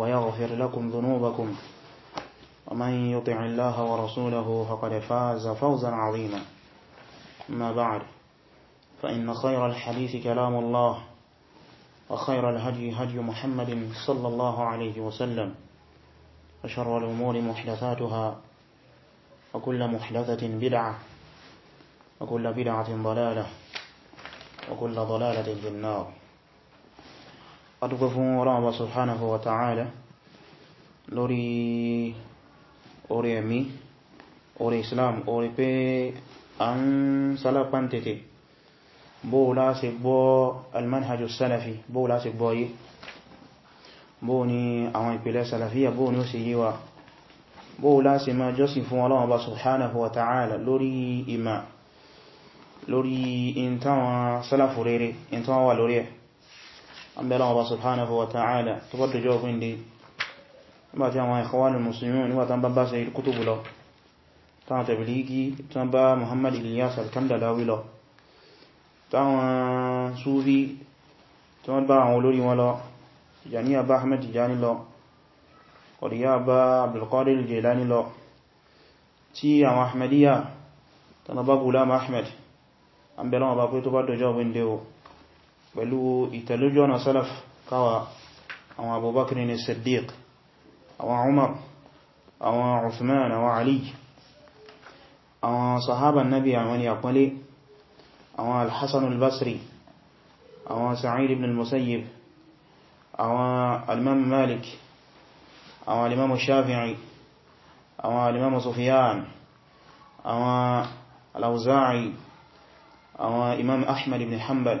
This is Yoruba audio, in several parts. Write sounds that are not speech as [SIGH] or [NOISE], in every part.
ويغفر لكم ذنوبكم ومن يطع الله ورسوله فقد فاز فوزا عظيما ما بعد فإن خير الحديث كلام الله وخير الهدي هدي محمد صلى الله عليه وسلم وشر الأمور محدثاتها وكل محدثة بدعة وكل بدعة ضلالة وكل ضلالة في النار adúgbò fún ọlọ́mọba subhanahu wa ta'ala lórí orí ẹ̀mí orí islam orí pé a ń sálápán tètè bóò láti gbọ́ almanhajjú salafi bóò láti gbọ́ yí bóò ni àwọn ìpìlẹ̀ salafiyya bóò ni ó sì yí wa bóò láti jọ́sìn fún ọlọ́mọba subhanahu wa lórí ìmà lórí in sálàfù rere in wà lórí ẹ̀ àbẹ̀lọ́wọ́ bá subhanahu wa ta'ala tó bọ́ dẹjọ́ ọgbìn dé nígbàtí àwọn Ikhwanul Muslimin nígbàtán bá bá Sayyid Qutb lọ táwọn Tablighi tán bá Muhammad Ilyas al-Kandalawi lọ táwọn Sufi tán bá àwọn olórí wọn lọ Tijaniya bá Ahmad Tijani lọ Qadiriya bá Abdul Qadir lọ tí àwọn Ahmadiyya tán bá Ghulam Ahmad àbẹ̀lọ́wọ́ bá pé tó bá dọjọ́ ọgbìn o pẹ̀lú ìtẹ̀lójú ọ̀nà salaf káwa àwọn abubakar ni siddiq àwọn umar àwọn uthman àwọn ali àwọn sahaban nabi àwọn ni àpọ́lé àwọn alhassan albasri àwọn sa'id ibn al-musayyib àwọn alimam malik àwọn alimam shafi'i àwọn alimam sufyan àwọn al-awza'i àwọn imam ahmad ibn hanbal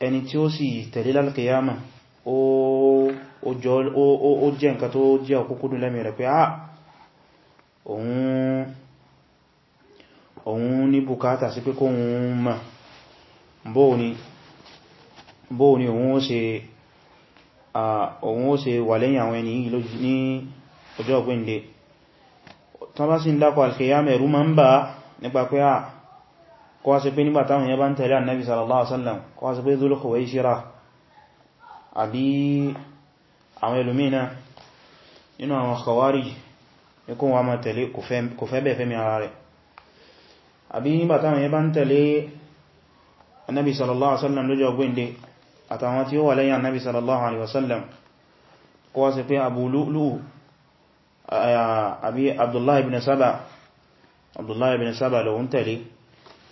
ẹni tí ó sì tẹ̀lé lálkìyàmà ó jẹ́ nǹkan tó jẹ́ òkúkúdù lẹ́mì rẹ̀ pé àà ah, òun ní bùkátà sí pé kóhun mọ̀ bóò ni òun ó se wà lẹ́yìn àwọn ẹni yìí ní ọjọ́ ọ̀gbẹ́ndẹ̀ tán bá sí ń dákọ̀ alkìyàmà ẹ̀rù ma ń bà nípa pé àà ah, kọ́ wá sí pé nígbà táwọn yẹn bá ń tẹ̀lé annabi sallallahu alaihi wasallam kọ́ wá sí pé Dhul Khuwaysira àbí àwọn ẹlòmínà nínú àwọn Khawarij ní kó wá máa tẹ̀lé kò fẹ́ bẹ̀ẹ̀ fẹ́mi ara rẹ̀ àbí nígbà táwọn yẹn bá ń tẹ̀lé annabi sallallahu alaihi wasallam lọ́jọ́ gbẹ́ndé àtàwọn tí Abu Lu'lu' àbí Abdullahi ibn Saba Abdullahi ibn Saba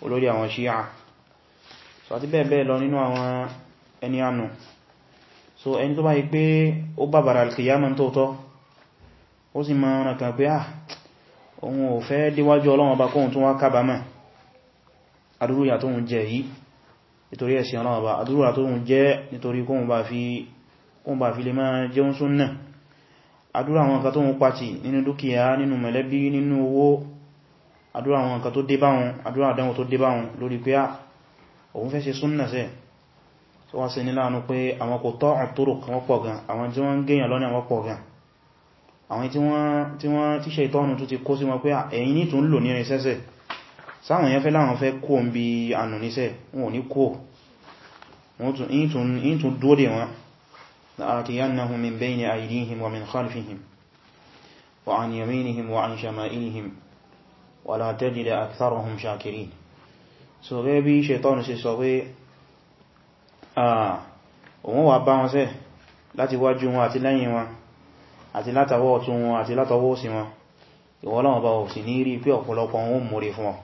olórí àwọn ṣíyà so àti bẹ́ẹ̀ bẹ́ẹ̀ lọ nínú àwọn ẹni ànù so ẹni tó bá yí pé ó bàbàrà alkiyama tóótọ́ ó sì máa ràn kan pé ah òun ò fẹ́ déwájú ọlọ́wọ́n bá kóhun tó wá kábàmà adúrúyà tó ń jẹ yìí nítorí ẹ̀sìn ọlọ́wọ́n bá adúrúyà tó ń jẹ nítorí kóhun bá fi kóhun bá fi lè máa mẹ̀lẹ́bí nínú owó àdúrà àwọn nǹkan tó dé bá wọn àdúrà àdánwò tó dé bá wọn lórí pé ah, òun fẹ́ ṣe súnnà sẹ́ tó wá sí ní láàánú pé àwọn kò tọ́ àtúrò kan wọ́pọ̀ gan àwọn tí wọ́n gẹ́yàn lọ́nà wọ́pọ̀ gan àwọn tí wọ́n ti ṣe ìtọ́nù tó ti kó sí wọn pé ah, ẹ̀yìn ní tún lò ولا تجد أكثرهم شاكرين so gẹ́ bí ṣetọ́nù ṣe sọ pé òun wà bá wọn sẹ́ láti wájú wọn àti lẹ́yìn wọn àti látàwọ́ ọ̀tún wọn àti látàwọ́ òsì wọn ìwọ́lọ́wọ́ bá òsì ní rí pé ọ̀pọ̀lọpọ̀ wọn mórí fún wọn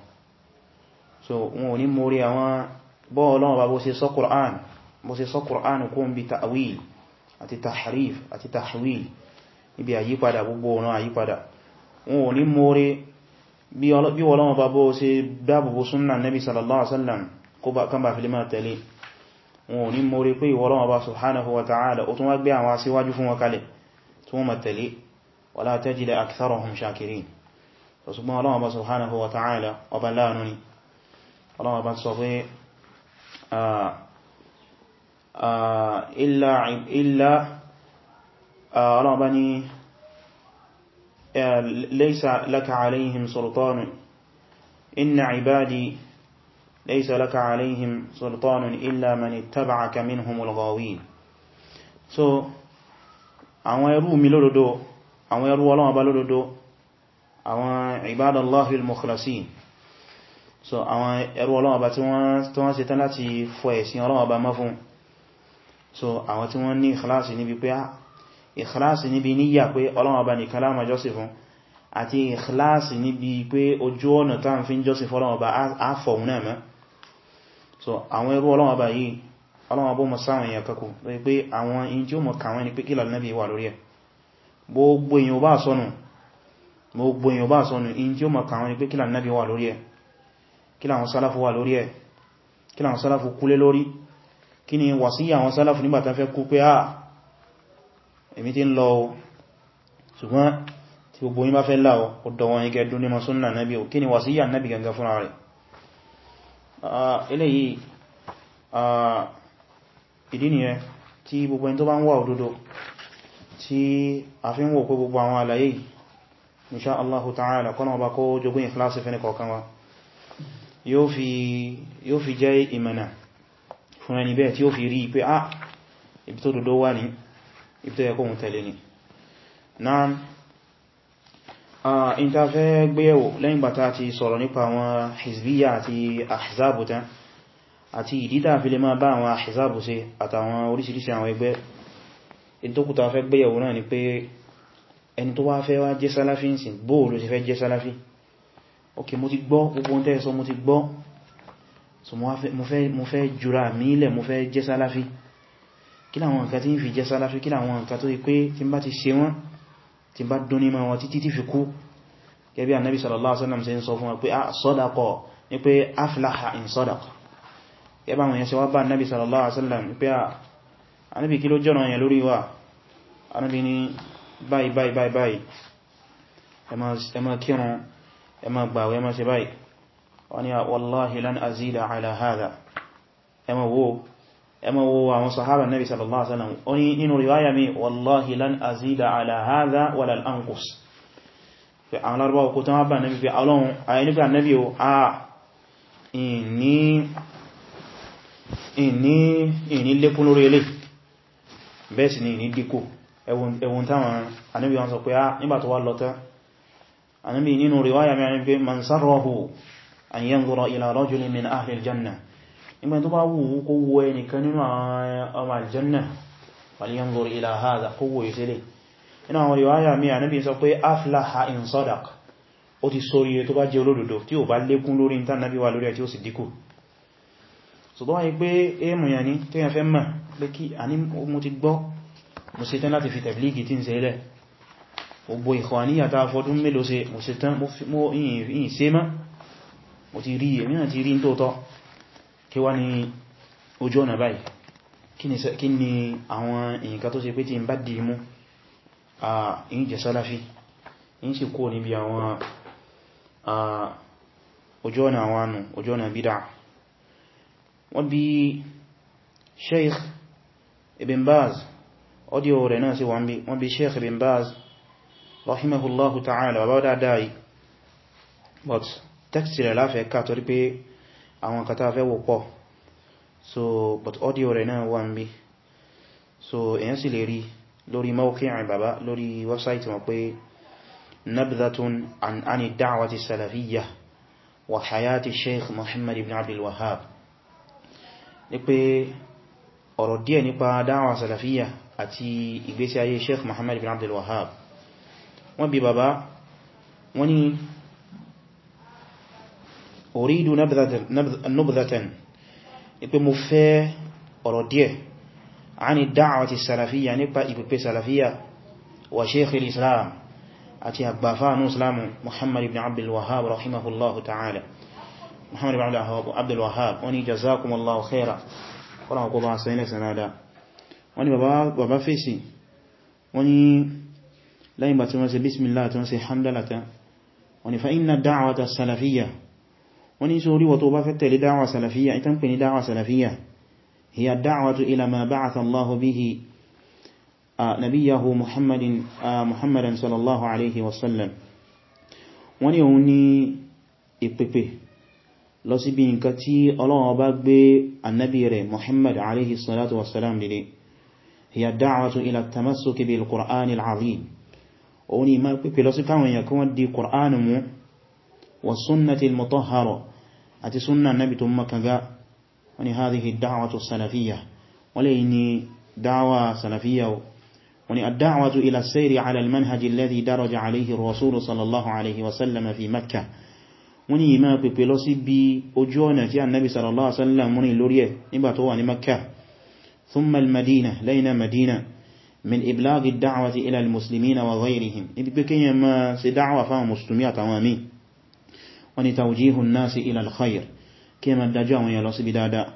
so wọn ò ní mórí àwọn bọ́ọ̀lọ́wọ́ bá bó ibi àyípadà gbogbo ọ̀nà àyípadà wọn ò ní mórí bí wọ́lọ́wọ́ bá bó ṣe dáàbòbò súnnà nẹ́bí sallallahu alaihi wasallam kó bá kan bá fi lè máa tẹ̀lé wọn ò ní mórí pé ìwọ́lọ́wọ́ bá subhanahu wa ta'ala ó tún wá gbé àwọn aṣíwájú fún wọn kalẹ̀ tí wọ́n máa tẹ̀lé wala tajida aktharahum ليس لك عليهم سلطان إن عبادي ليس لك عليهم سلطان إلا من اتبعك منهم الغاوين so àwọn ẹrú mi lódodo àwọn ẹrú Ọlọ́run Ọba lódodo àwọn ibadallahi al-mukhlasin so àwọn ẹrú Ọlọ́run Ọba tí wọ́n tó wọ́n ṣetán láti fọ ẹ̀sìn Ọlọ́run Ọba mọ́ fún so àwọn tí wọ́n ní ikhlasi níbi pé ah, ìkìláàsì níbi níyà pé Ọlọ́run Ọba nìkan la máa jọ́sìn fún àti ìkìláàsì níbi pé ojú ọ̀nà táà fi ń jọ́sìn fọ́lọ́run àfọ̀hún náà mẹ́ so àwọn ẹrú Ọlọ́run Ọba yìí Ọlọ́run Ọba mọ̀ sáwọn èèyàn kakù pé àwọn in tí kàwọn ni pé kí lọ́nàbí wà lórí ẹ̀ gbogbo èèyàn bá sọnù gbogbo ni pé kí lọ́nàbí wà lórí ẹ̀ kí làwọn sálàfù wà lórí ẹ̀ kí làwọn sálàfù kúlé ni wàsíyà àwọn sálàfù èmi tí ń lọ o ṣùgbọ́n tí gbogbo yín bá fẹ́ láọ ọ̀dọ̀ wọn yí kẹdún nímọ̀ súnnà náàbí o kí ni wàsíyà náàbí gangan fúnra rẹ̀ eléyìí ìdí nìyẹn tí gbogbo ẹni tó bá ń wá òdodo tí a fi ń wò pé gbogbo àwọn Allah ta'ala kọ́nà ọba kó jogún ìfìláṣì fẹ́ni kọ̀ọ̀kan wa yóò fi jẹ́ ìmọ̀nà fún ẹni bẹ́ẹ̀ tí ó fi rí pé ah ibi tó dodo wà ní ibi tó yẹ kóhun tẹ̀lé ni náà in ta fẹ́ gbéyẹ̀wò lẹ́yìn bàtà ti sọ̀rọ̀ nípa àwọn hizbiyya ati ahzabu tán ati ìdítà fi lè máa bá àwọn ahzabu ṣe àtàwọn oríṣiríṣi àwọn ẹgbẹ́ in tó kúta fẹ́ gbéyẹ̀wò náà ni pé ẹni tó wá fẹ́ wá jẹ́ sálàfí ń sìn bóò ló ṣe fẹ́ jẹ́ ok mo ti gbọ́ gbogbo ohun tẹ́ẹ̀sọ mo ti gbọ́ so mo fẹ́ jura mílẹ̀ mo fẹ́ jẹ́ sálàfí kí láwọn nǹkan tí ń fi jẹ́ sálàfí kí láwọn nǹkan tó rí pé tí bá ti ṣe wọ́n tí bá dún ní ma wọn títí tí fi kú gẹ́bí annabi sallallahu alaihi wasallam ṣe ń sọ fún wọn pé a ah, sadaqa ní pé aflaha in sadaqa gẹ́bá wọn yẹn ṣe wá bá annabi sallallahu alaihi wasallam pé a ah, annabi kí ló jọ́nà yẹn lórí wa annabi wọ́n ni wallahi lan azida ala ẹmọ wo àwọn sahaba nabi sallallahu alaihi wasallam ó ní nínú riwaya mi wallahi lan azida ala hadha wala al anqus fi àwọn larba ko tan ba nabi fi alon ayi ni fi nabi o a inni inni inni le kun lórí ele bẹ́ẹ̀ sì ni inni diko ewon ewon tawon anabi wọ́n sọ pé a ah, nígbà tó wá lọ nígbà tó bá wù kó wo ẹnìkan nínú àwọn aljanna waliyanzur ila hadha kó wo ìsẹ́lẹ̀ inú àwọn riwaya mi ànábì sọ pé aflaha in sadaq ó ti sórí tó bá jẹ́ olódodo tí ó bá lékún lórí ní tánàbí wà lórí àti ó sì díkù so tó wáyé pé èèmù yà ní tó yàn fẹ́ mọ̀ pé kí a ní mo ti gbọ́ mo ṣe ti rí èmì náà kí wá ní ojú ọ̀nà báyìí kí ni àwọn nǹkan tó ṣe pé tí n bá dì mú à ń jẹ sálàfí ń sì kó níbi àwọn ojú ọ̀nà àwọn anù ojú ọ̀nà bídá wọ́n bí sheikh ibn baz ọdí ọ̀rẹ̀ náà sí wọ́n bí sheikh ibn baz rahimahullahu ta'ala wà bá dáadáa yìí but text rẹ̀ láfẹ́ ká torí pé àwọn kan tá fẹ́ wò so but audio rẹ̀ náà wà ń bí so èyàn sì lè rí lórí mawqi'in bàbá lórí website wọn pé nabdhatun an ani da'wati salafiyya wa hayati sheikh muhammad ibn abdul wahhab ní pé ọ̀rọ̀ díẹ̀ nípa dáwà salafiyya àti ìgbésí ayé sheikh muhammad ibn abdul wahhab wọ́n bi bàbá wọ́n ní orídù nubdhatan ipé mo fẹ́ ọ̀rọ̀ díẹ̀ a ni da'awati salafiya nípa ìpèpè salafiya wa sheikhil islam àti àgbàfáànú islamu muhammad ibn abdul wahhab rahimahullahu ta'ala muhammad ibn abdul wahhab wani jazakumallahu khaira wọ́n kó bá sẹ́yìn lẹ́sẹ̀ náà dáa wọ́n ni bàbá fèsì wọ́n ni lẹ́yìn bá tí wọ́n ṣe bismillah tí wọ́n ṣe wọ́n ní sọ oríwọ̀ tó bá fẹ́ tẹ̀lé dáwà salafiyya ìtàn pè ní dáwà salafiyya hiya da'watu ila ma ba'atha Allahu bihi nabiyahu muhammadin muhammadan sallallahu alaihi wasallam wọ́n ní òun ní ìpèpè lọ sí bí nǹkan tí Ọlọ́run bá gbé annabi rẹ̀ muhammad alaihi salatu wasalam dìde hiya da'watu ila tamassuki bil qur'ani al-azim òun ní ma pèpè lọ sí káwọn èèyàn kí wọ́n di qur'an mú wa sunnati al-mutahhara àti súnnà nábi tó mọ́kànlá wọ́n wani hadhihi dáwàtò salafiyya wọ́n lè ní ni dawa salafiyya wani ni ila sayri ala almanhaji alladhi daraja alayhi rasul sallallahu alayhi wa sallam fi makkah wani ma pe pèpè lọ sí bí ojú ọ̀nà tí annabi sallallahu alayhi wa sallam múrin lórí ẹ̀ niba tó wà ní makkah thumma almadina madina madina min iblaghi dáwàtì ila al-muslimina wa ghayrihim ibi pé kíyàn máa ṣe dáwà fáwọn musulmi àtàwọn wọ́n ni tawjihu nasi ila alkhair kí ma dájú àwọn yà lọ sí bí dáadáa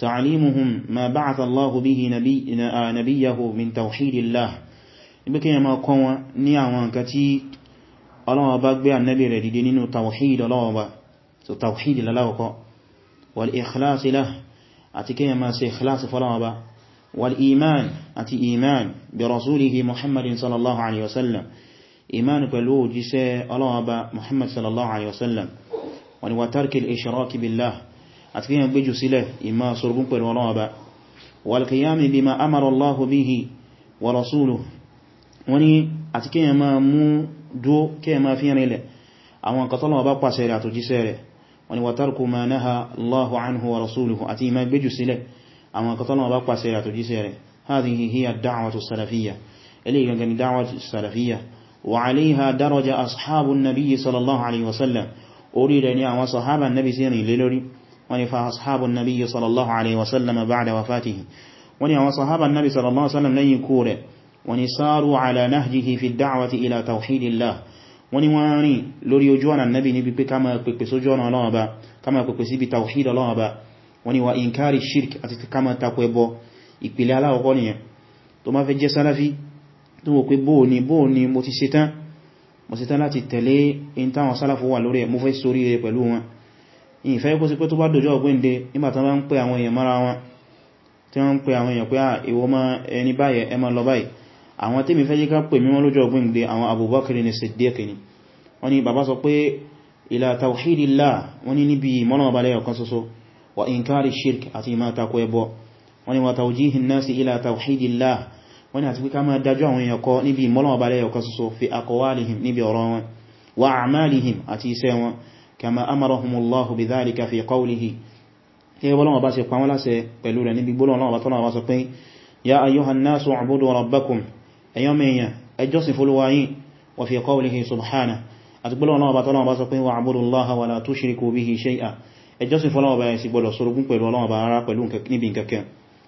ta'alimuhum ma ba'atha Allahu bihi nabiyahu min tawhidillah ibi kí ma kọ́ wọn ní àwọn nǹkan tí Ọlọ́hun bá gbé annabi rẹ̀ dìde nínú tawhid Ọlọ́hun bá so tawhid lalakọ́ wal ikhlas lah àti kí ma ṣe ikhlas fọ́lọ́wọ́ bá wal iman àti iman bi rasulihi muhammadin sallallahu alaihi wasallam ìmánu pẹ̀lú òjíṣẹ́ ọlọ́wọ́ba muhammad sallallahu alaihi wasallam wọ́n ni wa tarkil ishraki billah àti kíyàn gbéjù sílẹ̀ ìmá sorgún pẹ̀lú ọlọ́wọ́ba wal qiyami bima amara allahu bihi wa rasuluhu wọ́n ni àti kíyàn máa mú dúó kíyàn máa fi rìnlẹ̀ àwọn nǹkan tọ́lọ́wọ́ bá pàṣẹ rẹ̀ àtòjíṣẹ́ rẹ̀ wọ́n ni wa tarku ma naha allahu anhu wa rasuluhu àti ìmá gbéjù sílẹ̀ àwọn nǹkan pàṣẹ rẹ̀ àtòjíṣẹ́ rẹ̀ hadhihi hiya ad-da'watu as-salafiyyah eléyìí gangan ni وعليها درجة أصحاب النبي صلى الله عليه وسلم أريد أن يعوى صحاب النبي سيني للوري ونفى أصحاب النبي صلى الله عليه وسلم بعد وفاته ونعوى صحاب النبي صلى الله عليه وسلم لن يكور ونساروا على نهجه في الدعوة إلى توحيد الله ونواني لوري يجوانا النبي نبي كما يكبك سجوانا الله كما يكبك سيبي توحيد الله ونوى إنكار الشرك أتتكما تقويبو إكبلا الله وقوني ثم في الجسالة فيه tó wò pé bóò ni bóò ni mo ti ṣetán mo ṣetán láti tẹ̀lé in táwọn sálàfò wà lórí ẹ̀ mo fẹ́ sórí rẹ̀ pẹ̀lú wọn ìfẹ́ kó sí pé tó bá dòjọ́ ọgbẹ́nde nígbà tán bá ń pè àwọn èèyàn mara wọn tí wọ́n ń pè àwọn èèyàn pé à ìwọ ma ẹni báyẹ̀ ẹ ma lọ báyìí àwọn tí mi fẹ́ yíká pè mímọ́ lójọ́ ọgbẹ́nde àwọn Abubakar ni Siddiq ni wọ́n ni bàbá sọ pé ila tawhidillah wọ́n ni níbi mọ́nà ọbalẹ̀ ọ̀kan ṣoṣo wa inkari shirk àti ìmá takọ ẹbọ wọ́n ni wa tawjihin nasi wọ́n ni àti pé ká máa dájú àwọn èèyàn kọ níbi ìmọ́lọ́wọ́ bá lẹ́yọ̀ kan soso fi aqwalihim níbi ọ̀rọ̀ wọn wa a'malihim àti iṣẹ́ wọn kama amarahumullahu bidhalika fi qawlihi ẹgbẹ́ bọ́lọ́wọ́ bá ṣe pa fi qawlihi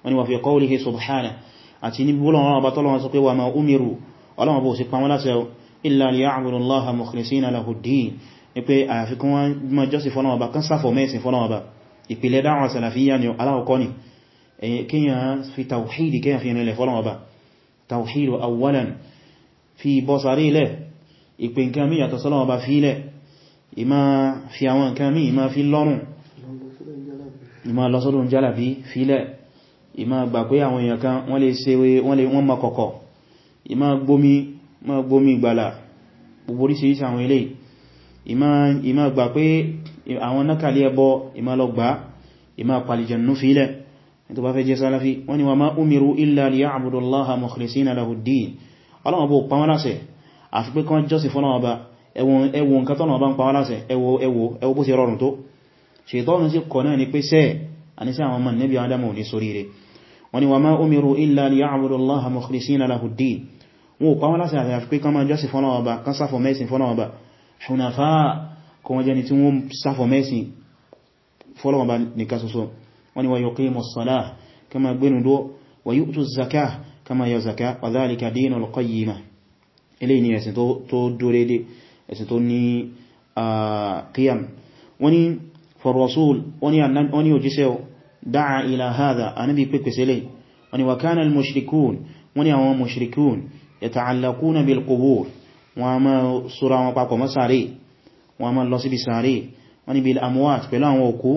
wani wa fi qawlihi subhana àti ní bọ́lọ̀wọ́n ọba tọ́lọ̀wọ́n sọ pé wà máa umiru ọlọ́wọ́n bó sì pàwọn láṣẹ illa liya'budu allaha mukhlisina lahu ddin ní pé àyàfi kí wọ́n mọ́ jọ́sìn fọ́lọ́wọ́n ọba kan sáfọ̀ mẹ́sìn fọ́lọ́wọ́n ìpìlẹ̀ dáwọn ìmá gbà pé àwọn èèyàn kan wọ́n lè ṣe wọ́n ma kọ̀kọ̀ ìmá gbómi ma gbómi ìgbàlà gbogbo oríṣìíríṣìí àwọn ilé ìmá gbà pé àwọn nákàlẹ̀ ẹbọ ìmá lọ gbà ìmá pàlìjànú fílẹ̀ tó bá fẹ́ jẹ́ sálàfí wọ́n ni wa ma umiru illa liya'budu allaha mukhlisina lahud-din ọlọ́wọ́ bó pàwọn láṣẹ àfi pé kan jọ́sìn fún ọba ẹwọ nǹkan tọ́nà ọba ń pàwọn láṣẹ ni pé sẹ́ẹ̀ wọ́n ni wa ma umiru illa liya'budu allaha mukhlisina lahu ad-din wọ́n pa wọ́n láti àyàfi pé kan máa jọ́sìn fọ́nà ọba kan sáfọ̀ mẹ́sìn fọ́nà ọba hunafa kọ wọ́n jẹni tí wọ́n sáfọ̀ mẹ́sìn fọ́nà ọba nìkan ṣoṣo wọ́n ni ní ah, dáa ila hadha anábi pẹ̀pẹ̀sẹ̀lẹ̀ wani wa kana al-mushrikun wani àwọn mushrikun yata'allaquna bil qubur wọn ma sura wọn papọ̀ masare wọn ma lọ síbi sare wani bil amwat pẹ̀lú àwọn òkú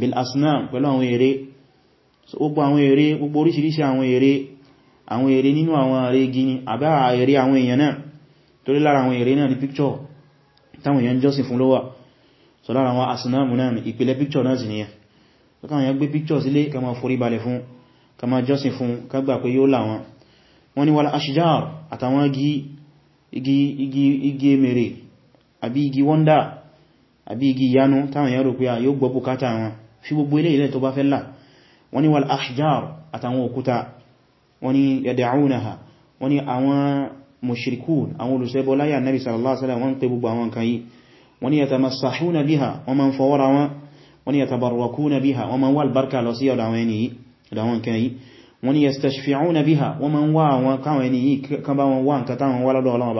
bil asnam pẹ̀lú àwọn ère gbogbo àwọn ère gbogbo oríṣiríṣi àwọn ère àwọn ère nínú àwọn ère gini àbá ère àwọn èèyàn náà torí lára àwọn ère náà so lára àwọn asnamu náà ìpìlẹ̀ picture náà sì káwọn yẹn gbé pictures sílé ká máa forí balẹ̀ fún ká máa jọ́sìn fún ká gbà pé yóò là wọ́n wọ́n ni wal ashjar àtàwọn igi emèrè àbí igi wọ́ndà àbí igi ìyanu táwọn yẹn rò pé yóò gbọ́ bùkátà wọn fi gbogbo ilé ilẹ̀ tó bá fẹ́ là wọ́n ni wal ahjar àtàwọn òkúta wọ́n ni wọ́n ni yatabarrakuna biha wọ́n ma ń wà albarka lọ sí ọ̀dọ̀ àwọn nǹkan yìí wọ́n ni yastashfi'una biha wọ́n ma ń wà àwọn káwọn ẹni yìí kan bá wọn wá nǹkan táwọn wá lọ́dọ̀ ọlọ́wọ́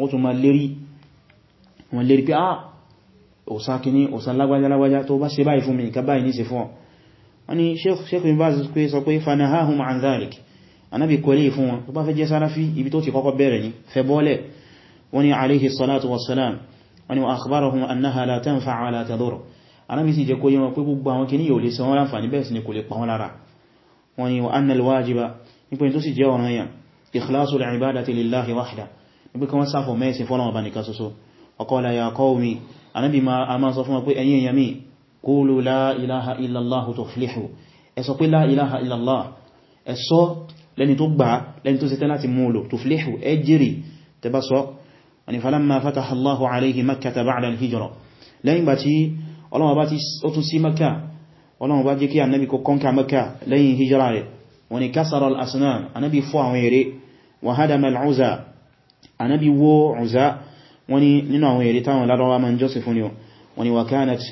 wọ́n tún ma lérí pé ah òsá kìíní òsá lágbàjálágbàjá tó bá ṣe báyìí fún mi nǹkan báyìí ní ṣe fún ọ wọ́n ni sheikh bin baz pé sọ pé fanahahum an dhalik anábì kọlé fún wọn tó bá fẹ́ jẹ́ sáráfí ibi tó ti kọ́kọ́ bẹ̀rẹ̀ ní fẹ́ bọ́ọ̀lẹ̀ wọ́n ni alayhi salatu wassalam wọ́n ni wa akhbarahum annaha la tanfa wa la tadur anábì sì jẹ́ kó yé wọn pé gbogbo àwọn kìíní yóò lè sọ wọn láǹfààní bẹ́ẹ̀ sì anábi a máa sọ fún wọn pé ẹ̀yin èyàn mi kúlù la ilaha illallah tuflihu ẹ sọ pé la ilaha illallah ẹ sọ lẹni tó gbà lẹni tó ṣe tán láti múlò tuflihu ẹ jèrè tẹ bá sọ wani falamma fataha allahu alayhi makkata ba'da al-hijra lẹ́yìn bá tí Ọlọ́run bá ti ó tún sí fọ́ àwọn ère wa hadama al wó uza wọ́n ni nínú àwọn ère táwọn lárọwá ma ń jọ́sìn fún ni wọ́n ni wakanat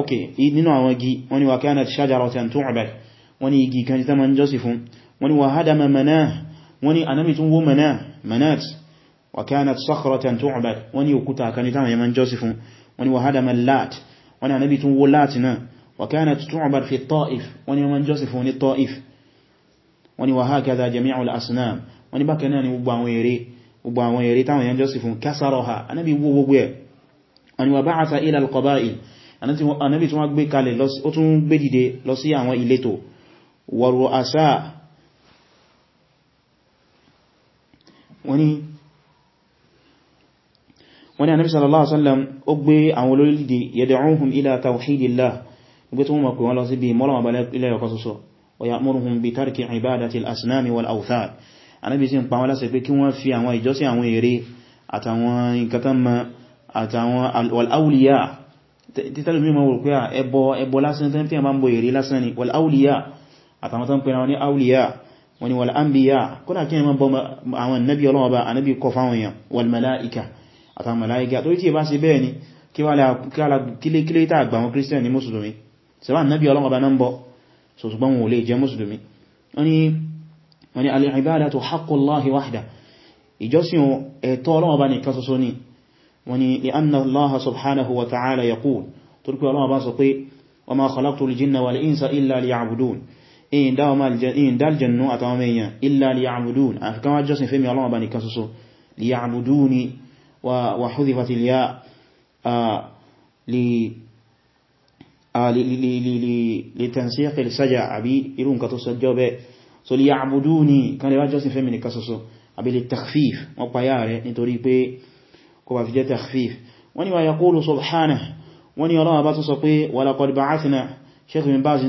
ok nínú àwọn igi wọ́n ni wakanat shajaratan tu'bad wọ́n ni igi kan tí ma ń jọ́sìn fún wọ́n ni wahadama manah wọ́n ni anami tún wó manah manat wakanat sakhratan tu'bad wọ́n ni òkúta kan táwọn ya ma ń jọ́sìn fún wọ́n ni wahadama lat wọ́n anami tún wó lat náà wakanat tu'bad fi ta'if wọ́n ma ń jọ́sìn fún ní ta'if wọ́n ni wahakadha jami'ul asnam wọ́n bákan náà ni gbogbo àwọn ère gbogbo àwọn ère táwọn yẹn jọ́sìn fún kásàrọ̀ha anábi wo gbogbo ẹ̀ wọ́n ni wà ba'atha ila al-qaba'il anábi tún wá gbé kalẹ̀ ó tún gbé dìde lọ sí àwọn ìletò wa ru'asa wọ́n ni anábi sallallahu alaihi wasallam ó gbé àwọn olórílẹ̀-èdè yad'uhum ila tawhidillah gbé anábi sí ń pa wọn láṣẹ pé kí wọ́n fi àwọn ìjọsìn àwọn ère àtàwọn nǹkan tán mọ́ àtàwọn al'auliya títàlù mímọ̀ wò pé ẹbọ ẹbọ lásán tán fi àmàbò ère lásán ni wal'auliya àtàwọn tán pẹ̀lú ní auliya nabi ọlọ́wọ́ bá anábi kọ fáwọn èèyàn wal mala'ika àtàwọn mala'ika ni kí wà kílékílé tà àgbà àwọn nabi ọlọ́wọ́ bá náà ń bọ́ sọ̀tùgbọ́n wọ́n ni wọ́n ni al-ibadatu haqqullahi wahda ìjọsìn ẹ̀tọ́ Ọlọ́run bá nìkan ṣoṣo ni wọ́n ni li'anna Allaha subhanahu wa ta'ala yaqul torípé Ọlọ́run bá sọ pé wa ma khalaqtu al-jinna wal-insa illa li so li ya'buduni kan lè wá jọ́sìn fẹ́mi nìkan ṣoṣo àbí lè takhfif wọ́n pa yá rẹ̀ nítorí pé kò bá fi jẹ́ takhfif wọ́n ni wa yaqulu subhanahu wọ́n ni ọlọ́wọ́ bá tún sọ pé wa laqad ba'athna Sheikh bin Baz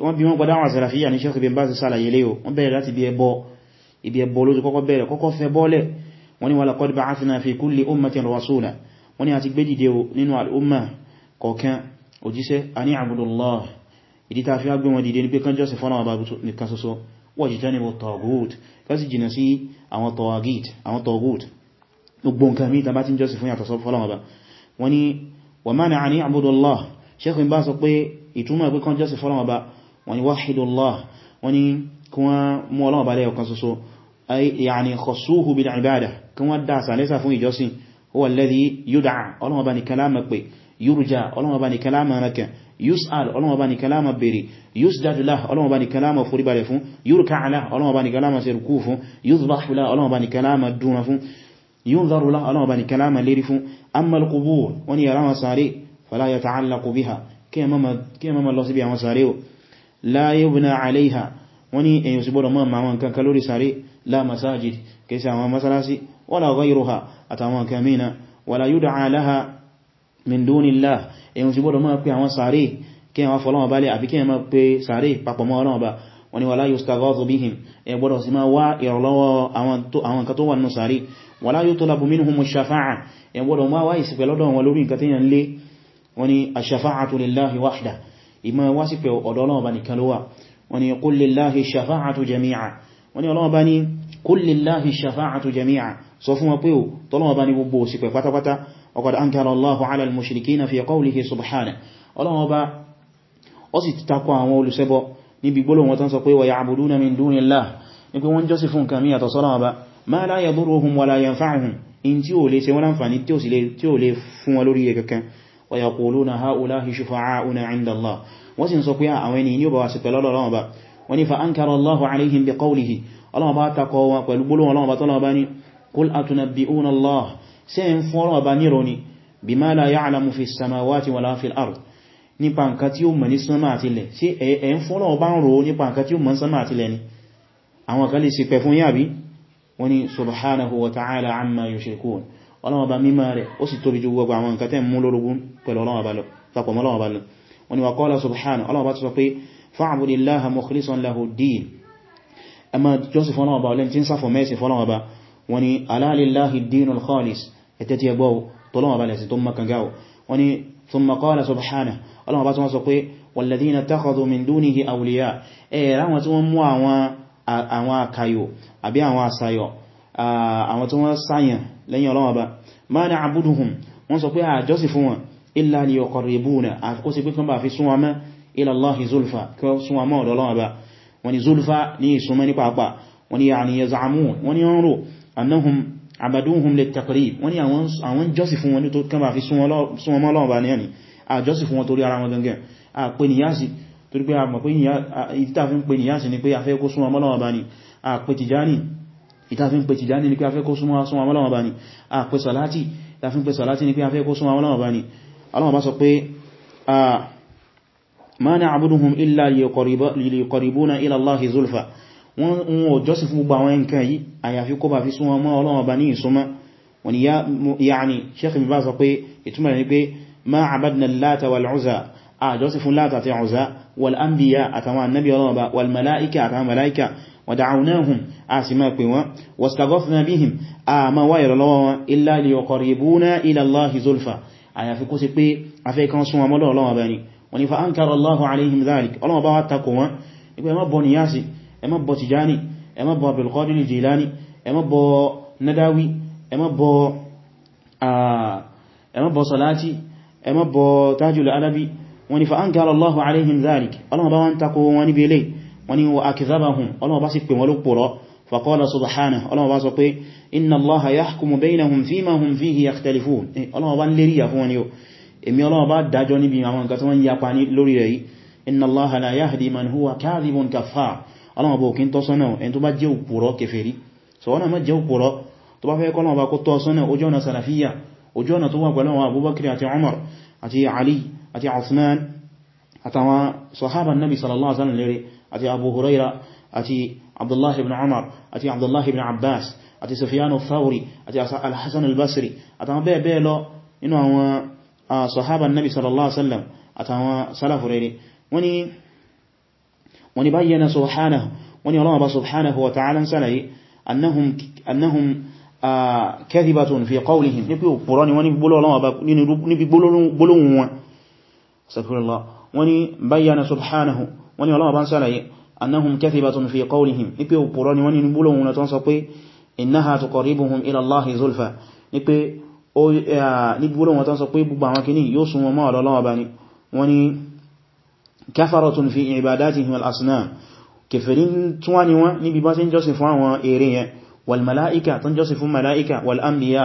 wọ́n bí wọ́n gbọ́dá àwọn àsàràfíyà ní Sheikh bin Baz sàlàyé lé o wọ́n bẹ̀rẹ̀ láti ibi ẹbọ ibi ẹbọ lójú kọ́kọ́ bẹ̀rẹ̀ kọ́kọ́ fẹ́ bọ́lẹ̀ wọ́n ni wa laqad ba'athna fi kulli ummatin rasula wọ́n ni a ìdí ta fi dìde ní pé kan jọ́sìn fọ́nà ọba nìkan ṣoṣo wajitanibu at-taghut kasi jìnà sí àwọn tawagit àwọn taghut gbogbo nǹkan mi tàbá tí ń jọ́sìn fún yàtọ̀ sọ fọ́lọ́wọ́ bá wọ́n ni wa mana'a an a'budu Allah ṣẹ́kùn bá sọ pé ìtumọ̀ pé kan jọ́sìn fọ́lọ́wọ́ yus'al ọlọ́wọ́ bá ní kalama bèèrè yusdadula ọlọ́wọ́ bá ní kalama foríbalẹ̀ fún yurka'ala ọlọ́wọ́ bá ní kalama serukú fún yuzbahula ọlọ́wọ́ bá ní kalama dúnra fún yunzarula ọlọ́wọ́ bá ní kalama lérí fún ammal qubur wani yara wọn sáré fala yata'allaqu biha kí ẹ mama sí bí àwọn sáré o la yubna alaiha wani èyàn sì gbọ́dọ̀ mọ́ ma wọn kan kalori sáré la masajid kẹsí àwọn masalasi wala ghayruha àtàwọn kamina wala yud'a laha min dunillah ẹ̀yìn tí gbọ́dọ̀ máa pé àwọn sàárè kí àwọn fọ́lọ́wọ́ bá lè àbí kí ẹmà pé sàárè papọ̀ mọ́ ọlọ́wọ́ bá wọ́n ni wala yustaghathu bihim ẹ gbọ́dọ̀ sí máa wá ìrànlọ́wọ́ àwọn nǹkan tó wà nínú sàárè wala yutlabu minhumu shafa'a ẹ gbọ́dọ̀ máa wá ìsìpẹ̀ lọ́dọ̀ wọn lórí nǹkan tẹ́yàn lé wọ́n ni ash-shafa'atu lillahi wahda ìmọ̀ wá sí pé ọ̀dọ̀ Ọlọ́run bá nìkan wà wọ́n ni qul lillahi ash-shafa'atu وقد أنكر الله على المشركين في قوله سبحانه الله أبا أسي تتاكوا أمول سبو نبي بلو وتنسقوا ويعبدون من دون الله نبي وانجسفون كمية صلابة ما لا يضرهم ولا ينفعهم إن تيو ليس وننفعني تيو لي فون ولوري ككا ويقولون هؤلاء شفعاؤنا عند الله وسنسقوا أويني نيوبا وسبلا الله أبا وني فأنكر الله عليهم بقوله الله أبا تقوى قل أتنبئون الله ṣé ń fún Ọlọ́run Ọba nírọ́ ni bima la ya'lamu fi samawati wala fil ard nípa nǹkan tí ó mọ̀ ní sánmà àti ilẹ̀ ṣé ẹ ń fún Ọlọ́run Ọba ń rò nípa nǹkan tí ó mọ̀ ní sánmà àti ilẹ̀ ni àwọn kan lè ṣe pẹ̀ fún yàbí wọ́n ni subhanahu wa ta'ala amma yushrikun Ọlọ́run Ọba mímọ́ rẹ̀ ó sì tóbi ju gbogbo àwọn nǹkan tẹ́ mú ẹ̀tẹ́ ti ẹgbọ́ tọ́lọ́wọ́ bá lẹ̀sìn tó makanga wọ́n ni thumma qala subhanahu ọlọ́wọ́ bá tún sọ pé walladhina ittakhadhu min dunihi awliya ẹ̀ẹ̀rá wọn tí wọ́n mú àwọn akayò àbí àwọn asayọ̀ àwọn tí wọ́n ni zulfa ní ìsúnmọ́ wọ́n ni ya'ni yaz'amun àbàdúhùn lè taqrib wọ́n ni àwọn jọ́sì fún wọn ní tó kẹma fi súnmọ́ Ọlọ́run bá ní ẹni àjọ́sì fún wọn torí ara wọn gangan àpè níyàsí torí pé àmọ̀ pé ìtàfin pè níyàsí ni pé afẹ́ kó súnmọ́ Ọlọ́run bá ní àpè tìjáni ìtàfin pè tìjáni ni pé afẹ́ kó súnmọ́ Ọlọ́run bá ní àpè sàlátì ìtàfin pè sàlátì ni pé afẹ́ kó wọn ò jọ́sìn fún gbogbo àwọn nǹkan yìí àyàfi kó bá fi súnmọ́ mọ́ Ọlọ́run bá ní ìsúnmọ́ wọn yàní Sheikh mi bá sọ pé ìtumọ̀ rẹ̀ ni pé ma abadna láta wal uzza a jọ́sìn fún láta àti uzza àtàwọn annabi Ọlọ́run ودعوناهم آسما قوى واستغفنا بهم آما وير الله إلا ليقربونا إلى الله زلفا آيا في قوسي بي أفي كان سوى ملو الله الله عليهم ذلك الله باتقوا يقول ما بنياسي ẹ má bọ Tijani ẹ má bọ Abdul Qadir Jilani ẹ má bọ Nadawi ẹ má bọ ẹ má bọ Salati ẹ má bọ Tajul Alabi wọ́n ní fa'ankara Allahu alaihim zalik ọlọ́wọ́ bá wọ́n takò wọ́n ní belé wọ́n ní wa akizabahum ọlọ́wọ́ bá sì pè wọ́n ló pòrọ́ faqala subhanahu ọlọ́wọ́ bá sọ pé inna Allaha yahkumu baynahum fima hum fihi yakhtalifun eh, ọlọ́wọ́ bá ń lérí yà fún wọn yóò èmi ọlọ́wọ́ bá dájọ́ níbi àwọn nǹkan tí wọ́n yapa lórí rẹ̀ inna Allaha la yahdi man huwa kadhibun kaffar ọlọ́wọ́ bó kí ń tọ́sọ́nà ẹni tó bá jẹ́ òpùrọ́ kèfèrí so ọ̀nà má jẹ́ òpùrọ́ tó bá fẹ́ kọ́lọ̀wọ́ bá kó tọ́sọ́nà ojú ọ̀nà salafiyya ojú ọ̀nà tó wà pẹ̀lú àwọn abubakar àti umar àti ali àti osman àtàwọn sahaba nabi sallallahu alaihi wasallam lere àti abu huraira àti abdullahi ibn umar àti abdullahi ibn abbas àti sufyanu thawri àti al-hasan al-basri àtàwọn bẹ́ẹ̀ bẹ́ẹ̀ lọ nínú ah, wani bayyana subhanahu wani ọlọ́wọ́ bá subhanahu wa ta'ala ń sálàyé annahum kadhibatun fi qawlihim ní pé òpùrọ́ ni wọ́n níbi gbólóhùn wọn sàfihànlá wani bayyana subhanahu wani ọlọ́wọ́ bá fi qawlihim ní pé òpùrọ́ ni wọ́n níbi gbólóhùn wọn tó ń wọn tó sọ pé gbogbo àwọn kìíní yóò sún wọn mọ́ ọ̀lọ́lọ́wọ́ bá ni wọ́n ni kafaratun fi ibadatihim al-asnam kèfèrí tún wá ní wọ́n níbi bá tí ń jọ́sìn fún àwọn ère yẹn wal mala'ika tán jọ́sìn fún mala'ika wal anbiya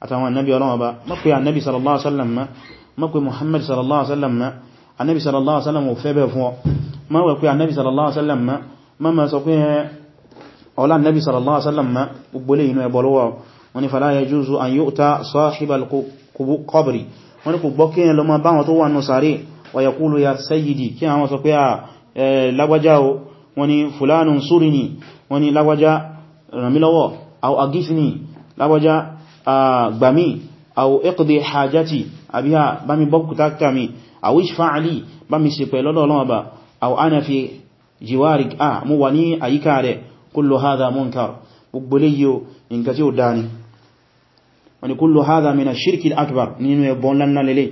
àtàwọn annabi ọlọ́wọ́ ba mọ́pẹ́ annabi sallallahu alaihi wasallam ma mọ́pẹ́ muhammad sallallahu alaihi wasallam ma annabi sallallahu alaihi wasallam ò fẹ́ bẹ́ fún ọ ma wẹ̀ pé annabi sallallahu alaihi wasallam ma ma ma sọ pé ọlá annabi sallallahu alaihi wasallam ma gbogbo lè ويقول يا سيدي كي عما سوكي لغوجا وني فلان انصرني وني لغوجا رمي لوو او اغثني لغوجا غبامي او اقضي حاجتي ابيها بامي بوكو تاكتامي او اشفع لي بامي سيبي لولو لوبا او انا في جوارك اه مو وني ايكاري كل هذا منكر بغبليو انكتي وداني وني كل هذا من الشرك الاكبر نينو يبون لنا لليه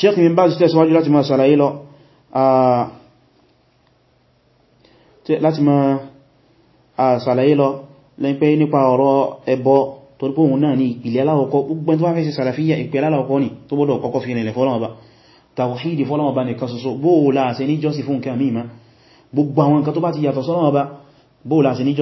sheikh bin baz tẹ̀síwájú láti máa sàlàyé lọ láti máa sàlàyé lọ lẹ́pẹ́ nípa ọ̀rọ̀ ẹbọ torípò òun náà ni ìpìlẹ̀ aláwọ̀kọ́ gbogbo tó wá fẹ́ sí sàlàfíyà ìpìlẹ̀ aláwọ̀kọ́ ni tó gbọ́dọ̀ kọ́kọ́ fi rìnlẹ̀ fọ́lọ́wọ́ bá tàwàhídì fọ́lọ́wọ́ bá nìkan ṣoṣo bóòlà àṣẹ ní jọ́sìn fún nǹkan mímá gbogbo àwọn nǹkan tó bá ti yàtọ̀ sọ́lọ́wọ́ bá bóòlà àṣẹ ní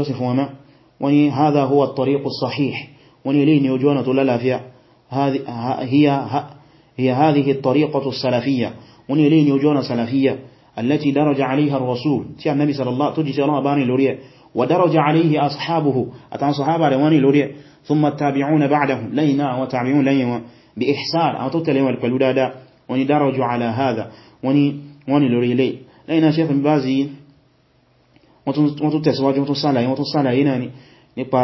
هي هذه الطريقة السلفية ونيلين يوجون سلفية التي درج عليها الرسول تي النبي صلى الله تجي الله باني لوريا ودرج عليه أصحابه أتان صحابة رواني لوريا ثم التابعون بعدهم لينا وتابعون لينا بإحسان أو تتلين البلودادا وني درج على هذا وني وني لوري لي لينا شيخ بازي وتو tó tẹ̀síwájú wọ́n tó sálàyé wọ́n tó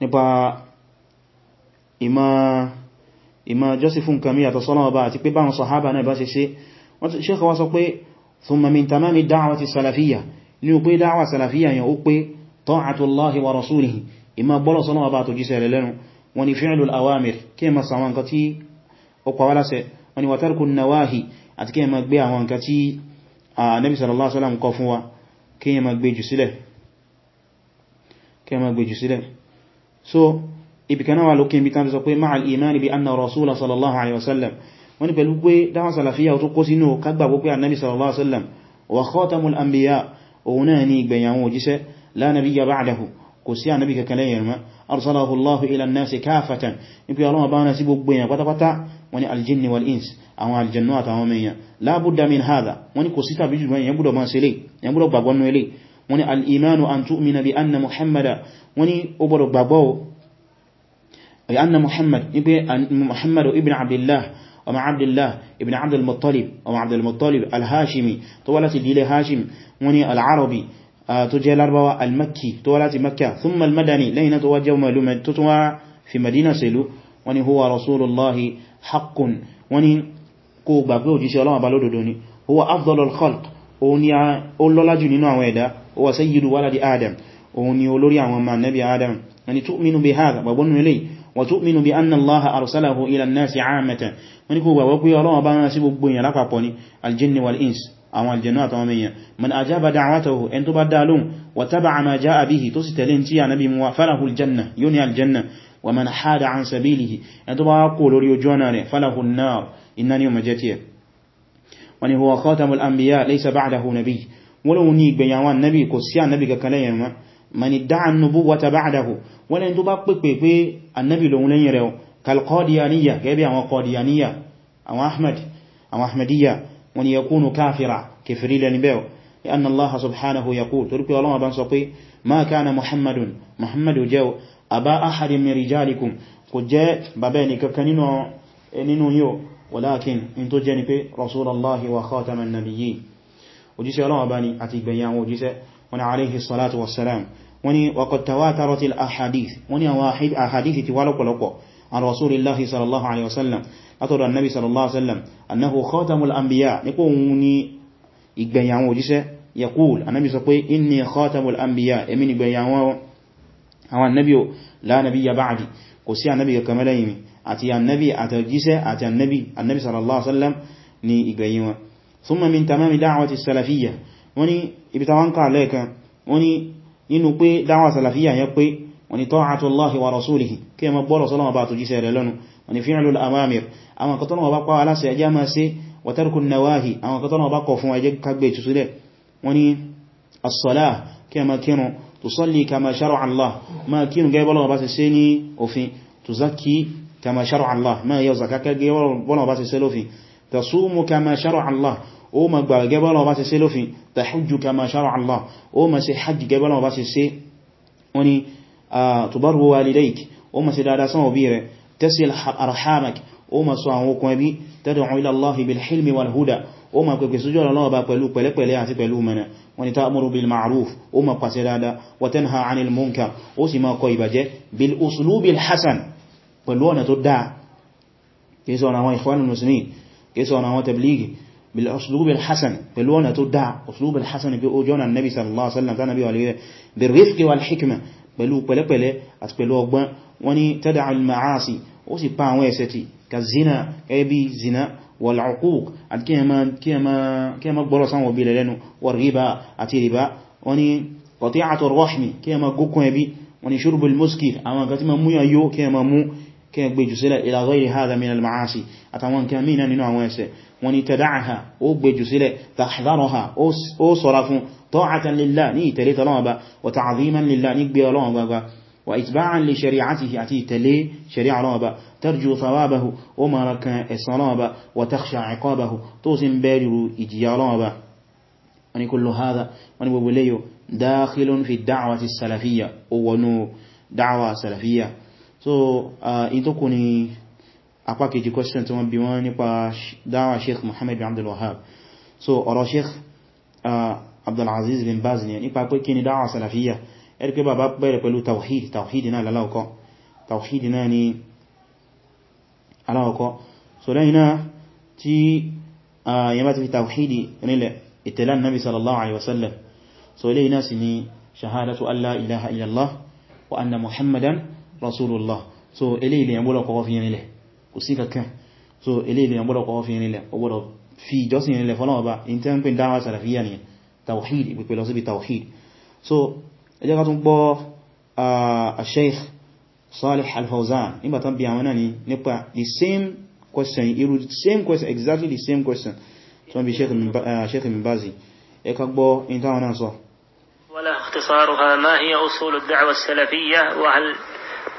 نبا náà آه، ìmá jọ́sìn fún nǹkan mí yàtọ̀ sọ́lọ́wọ́ bá àti pé báwọn sọ̀hábà náà bá ṣe ṣe Shaykh wá sọ pé thumma min tamami da'wati salafiyya ní o pé dáwà salafiyya yẹn ó pé ta'atullahi wa rasulihi so ibìkan náà wà lókè ibi tán sọ pé ma'al imani bi anna rasula sallallahu alaihi wasallam wọ́n ni pẹ̀lú pé dáwọn salafiya tó kó sínú kagbàgbó pé annabi sallallahu alaihi wasallam wa khatamul anbiya òun náà ni ìgbẹ̀yàwó òjíṣẹ́ la nabiyya ba'dahu kò sí ànábì kankan lẹ́yìn rẹ̀ arsalahu allahu ila nasi kafatan nípa ọlọ́wọ́ bá náà sí gbogbo èèyàn pátápátá wọ́n ni aljinni wal ins àwọn aljannu àtàwọn mẹ́yàn la budda min hadha anna muhammad ibe muhammad ibn abdullah ọmọ abdullah ibn abdulmuttalib ọmọ abdulmuttalib alhashimi tó wá láti dílé hashim wọ́n ní al'arabi tó jẹ́ larbawa al-makki tó wá láti makka thumma al-madani lẹ́yìn tó wá jẹ́ malumad tó tún wá fi madina selu wọ́n ní huwa rasulullahi haqqun wọ́n ní kó gbàgbé òjíṣẹ́ ọlọ́wọ́ bá lódodo ni huwa afdalul khalq òun ni ó lọ́lájú nínú àwọn ẹ̀dá huwa sayyidu waladi adam òun ni olórí àwọn ọmọ annabi adam wọ́n ní tu'minu bi hadha gbàgbọ́nù eléyìí وتؤمن بأن الله أرسله إلى الناس عامة ونكو وقوي الله بانا سيبو بني لقاقوني الجن والإنس أو الجنة ومية من أجاب دعوته أن تبدالون وتبع ما جاء به تستلين تيا نبي موافله الجنة يني الجنة ومن حاد عن سبيله أن تبقوا لريجونا فله النار إنني ومجتيا وني هو خاتم الأنبياء ليس بعده نبي ولو نيك بيوان نبي كسيا نبي ككليما من ادعى النبوة بعده ولن تبقى بيبي annabi lòun lẹ́yìn rẹ̀ kalqadiyaniya gẹ́bẹ́ àwọn qadiyaniya àwọn ahmad àwọn ahmadiyya wọn yakunu káfira kèfèrí lẹni bẹ́ẹ̀ لأن الله سبحانه يقول تركي الله بان سقي ما كان محمد محمد جاء أبا أحد من رجالكم قد جاء بابينك كنينو نينو يو ولكن ان تو jẹ́ ni pé رسول الله وخاتم النبيين òjíṣẹ́ ọlọ́wọ́ bá ní àti ìgbẹ̀yàn òjíṣẹ́ wọn alayhi salatu wassalam wọ́n ní wa qad tawatarat al-ahadith wọ́n ní àwọn ahadith ti wá lọ́pọ̀lọpọ̀ an rasulillahi sallallahu alaihi wasallam látọ̀dọ̀ annabi sallallahu alaihi wasallam annahu khatamul anbiya nípò òun ni ìgbẹ̀yìn àwọn òjíṣẹ́ yaqul annabi sọ ni ibi tawon ka lẹ́ẹ̀kan wọ́n nínú pé dáwà sàlàfíyà yẹn pé wọ́n ni ta'atullahi wa rasulihi kí ẹmọ gbọ́rọ̀ sọ́lọ́wọ́ bá tó jíṣẹ́ rẹ̀ lọ́nu wọ́n ni fi'lul amamir àwọn kan tọ́nà ọba pa aláṣẹ ẹjá máa ṣe wa tarkun nawahi àwọn kan tọ́nà ọba kọ̀ fún ẹjẹ́ kagbé ìtùsílẹ̀ wọ́n ni as-salah kí ẹmọ kírun tusalli kama shara'a Allah ma kírun gẹ́ bọ́lọ̀ bá ó ma gbà gẹ́bọ́lọ́ ọba ṣe ṣe lófin tahujju kama shara'a Allah ó ma ṣe hajji gẹ́bọ́lọ́ ọba ṣe ṣe wọ́n ni tubarru walidayk ó ma ṣe dáadáa sáwọn òbí rẹ̀ tasil arhamak ó ma ṣọ́ àwọn okùn ẹbí tad'u ila Allah bil hilmi wal huda ó ma pẹ̀pẹ̀ sójú ọ̀nà Ọlọ́run Ọba pẹ̀lú pẹ̀lẹ́pẹ̀lẹ́ àti pẹ̀lú mẹ́nà wọ́n ni ta'muru bil ma'ruf ó ma pàṣẹ dáadáa wa tanha 'anil munkar ó sì ma kọ ìbàjẹ́ bil uslubil hasan pẹ̀lú ọ̀nà tó dáa kìí sọ ọ̀nà àwọn ikhwanul muslimin kìí sọ ọ̀nà àwọn tabligi bil uslub al hasan pẹ̀lú ọ̀nà tó dáa uslub al hasan bí ojú ọ̀nà nabi sallallahu alaihi wasallam tanabi wal bi rifqi wal hikma pẹ̀lú pẹ̀lẹ́pẹ̀lẹ́ àti pẹ̀lú ọgbọ́n wọ́n ní tad'a al ma'asi ó sì pa àwọn ẹ̀ṣẹ̀ tì ka zina ẹbí zina wal uquq àti kíyàmá kíyàmá kíyàmá gbọ́rọ̀ sáwọn òbí lẹ́nu wal riba àti riba wọ́n ní qati'atu rahmi kíyàmá gókun ẹbí wọ́n ní shurbul muskir àwọn kan tí ma mú yàn yó kíyàmá mú kí ẹ gbé jù sílẹ̀ ila ghayri hadha min al-ma'asi àtàwọn nǹkan mìíràn nínú àwọn ẹ̀ṣẹ̀ wọn ni tada'aha ó gbé jù sílẹ̀ tahdharuha ó sọ́ra fún ta'atan lillah ní ìtẹ̀lé tọ́lọ́wọ́ ba wa ta'dhiman lillah ní gbé ọlọ́wọ́ gbagba wa itba'an li shari'atihi àti ìtẹ̀lé shari'a ọlọ́wọ́ ba tarju so in tó kù ní apá kejì question tí wọ́n bí wọ́n nípa dáwà sheikh Muhammad bin Abdul Wahhab so ọ̀rọ̀ sheikh Abdul Aziz bin Baz ni nípa pé kí ni dáwà salafiyya ẹ̀rí pé bàbá bẹ̀rẹ̀ pẹ̀lú tawhid tawhid náà laláwọ̀kọ́ tawhid náà ni aláwọ̀kọ́ so lẹ́yìn náà tí yẹmá ti fi tawhid nílẹ̀ ìtẹ̀lá nabi sallallahu alaihi wasallam so lẹ́yìn náà sì ni shahadatu allah ilaha illallah wa anna muhammadan rasulullah so eléyìí lèyàn gbọ́dọ̀ kọ́kọ́ fi rinlẹ̀ kò sí kankan so eléyìí lèyàn gbọ́dọ̀ kọ́kọ́ fi rinlẹ̀ ó gbọ́dọ̀ fi ìjọsìn rinlẹ̀ fọ́nà ọba in tẹ́ ń pè dáwà sàràfíyà ni tawhid ìpìpẹ̀ lọ síbi tawhid so ẹ jẹ́ ká tún gbọ́ sheikh salih al-fawzan nígbà tán bí àwọn náà ni nípa the same question irú same question exactly the same question tó bí sheikh mimbazi ẹ ká gbọ́ in táwọn náà sọ ولا اختصارها ما هي أصول الدعوة السلفية وهل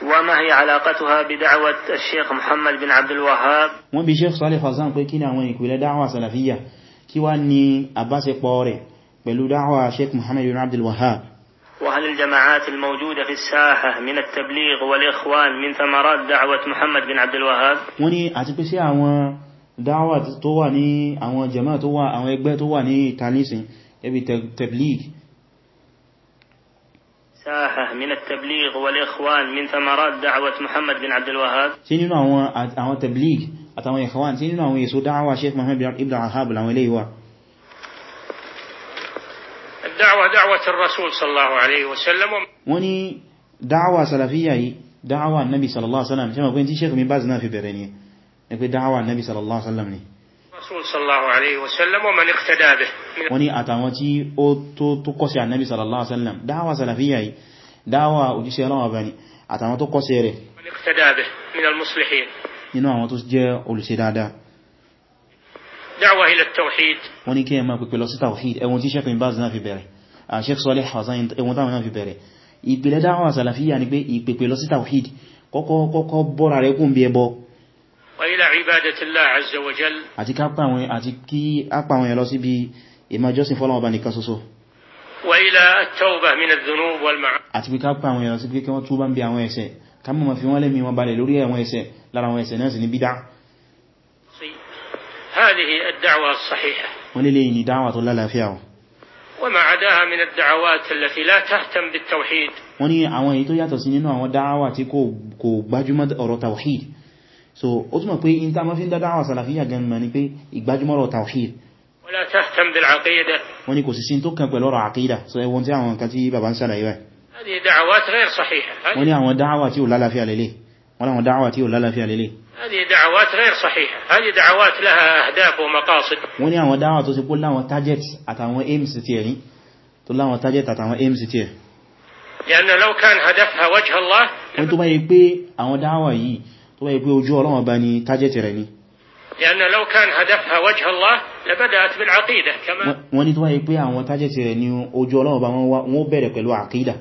وما هي علاقتها بدعوة الشيخ محمد بن عبد الوهاب wọ́n bí Sheikh Salih Fawzān pé kí ni àwọn ìpìlẹ̀ dáwà sàlàfíyà kí wá ní àbáṣepọ̀ rẹ̀ pẹ̀lú dáwà Sheikh Muhammad bin Abdul Wahhab وهل الجماعات الموجودة في الساحة من التبليغ والإخوان من ثمرات دعوة محمد بن عبد الوهاب wọ́n ní àti pé sí àwọn dáwà tó wà ní àwọn jama'a tó wà àwọn ẹgbẹ́ tó wà ní ìtàlísìn ẹbí tabligh ساحة من التبليغ والإخوان من ثمرات دعوة محمد بن عبد الوهاب سينو هو أعوان تبليغ أتعوان إخوان سينو هو يسو دعوة شيخ محمد بن عبد الوهاب العوان هو الدعوة دعوة الرسول صلى الله عليه وسلم وني دعوة سلفية دعوة النبي صلى الله عليه وسلم كما قلت شيخ من بازنا في نقول دعوة النبي صلى الله عليه وسلم الرسول صلى الله عليه وسلم ومن اقتدى به وني اتاوتي او تو تو كوسي النبي صلى الله عليه وسلم دعوه سلفيه دعوه اوجيسي الله من اقتدى من المصلحين nínú àwọn tó jẹ́ olùṣe dáadáa da'wa ila at-tauhid wọ́n ní kí ẹ máa pẹ̀pẹ̀ lọ sí tawhid ẹwọ́n tí Shaykh Bin Baz náà fi bẹ̀rẹ̀ a Shaykh Saalih Fawzān ẹwọ́n táwọn náà وإلى عبادة الله عز وجل àti ká pa àwọn àti kí á pa sí bí ìmọ̀ jọ́sìn Ọba nìkan ṣoṣo وإلى التوبة من الذنوب والمعاصي àti bí ká pa àwọn èèyàn lọ sí bí kí wọ́n túbá ńbi àwọn ẹ̀ṣẹ̀ ká má fi wọ́n lẹ́mìí wọn balẹ̀ lórí àwọn ẹ̀ṣẹ̀ lára àwọn ẹ̀ṣẹ̀ náà sì ni bid'a هذه الدعوة الصحيحة ولليني دعوة لا لا وما عداها من الدعوات التي لا تهتم بالتوحيد وني àwọn èyí tó yàtọ̀ sí nínú àwọn da'awa tí kò kò gbájúmọ́ ọ̀rọ̀ tawhid so ó túnmọ̀ pé in ta ma fi ń dádá àwọn sàlàfíyà gan ma ni pé ìgbájúmọ́rọ̀ tawhid wọ́n ni kò sì sí tó kàn pẹ̀lọ́rọ̀ àkídà so ẹwọ́n tí àwọn nǹkan tí bàbá ń sàlàyé wáyé wọ́n ni àwọn dáwà tí ò lálàáfíà lélẹ̀ wọ́n àwọn dáwà tí ò lálàáfíà lélẹ̀ wọ́n ni àwọn dáwà tó sì pó láwọn target àtàwọn aims ti ẹ̀rí tó láwọn target àtàwọn aims ti ẹ̀rí tó wáyé pé ojú ọlọ́wọ̀n bá ní tájẹ̀tì rẹ̀ ni wọ́n ní tó wáyé pé àwọn tájẹ̀tì rẹ̀ ni ojú ọlọ́wọ̀n bá wọ́n bẹ̀rẹ̀ pẹ̀lú àkídà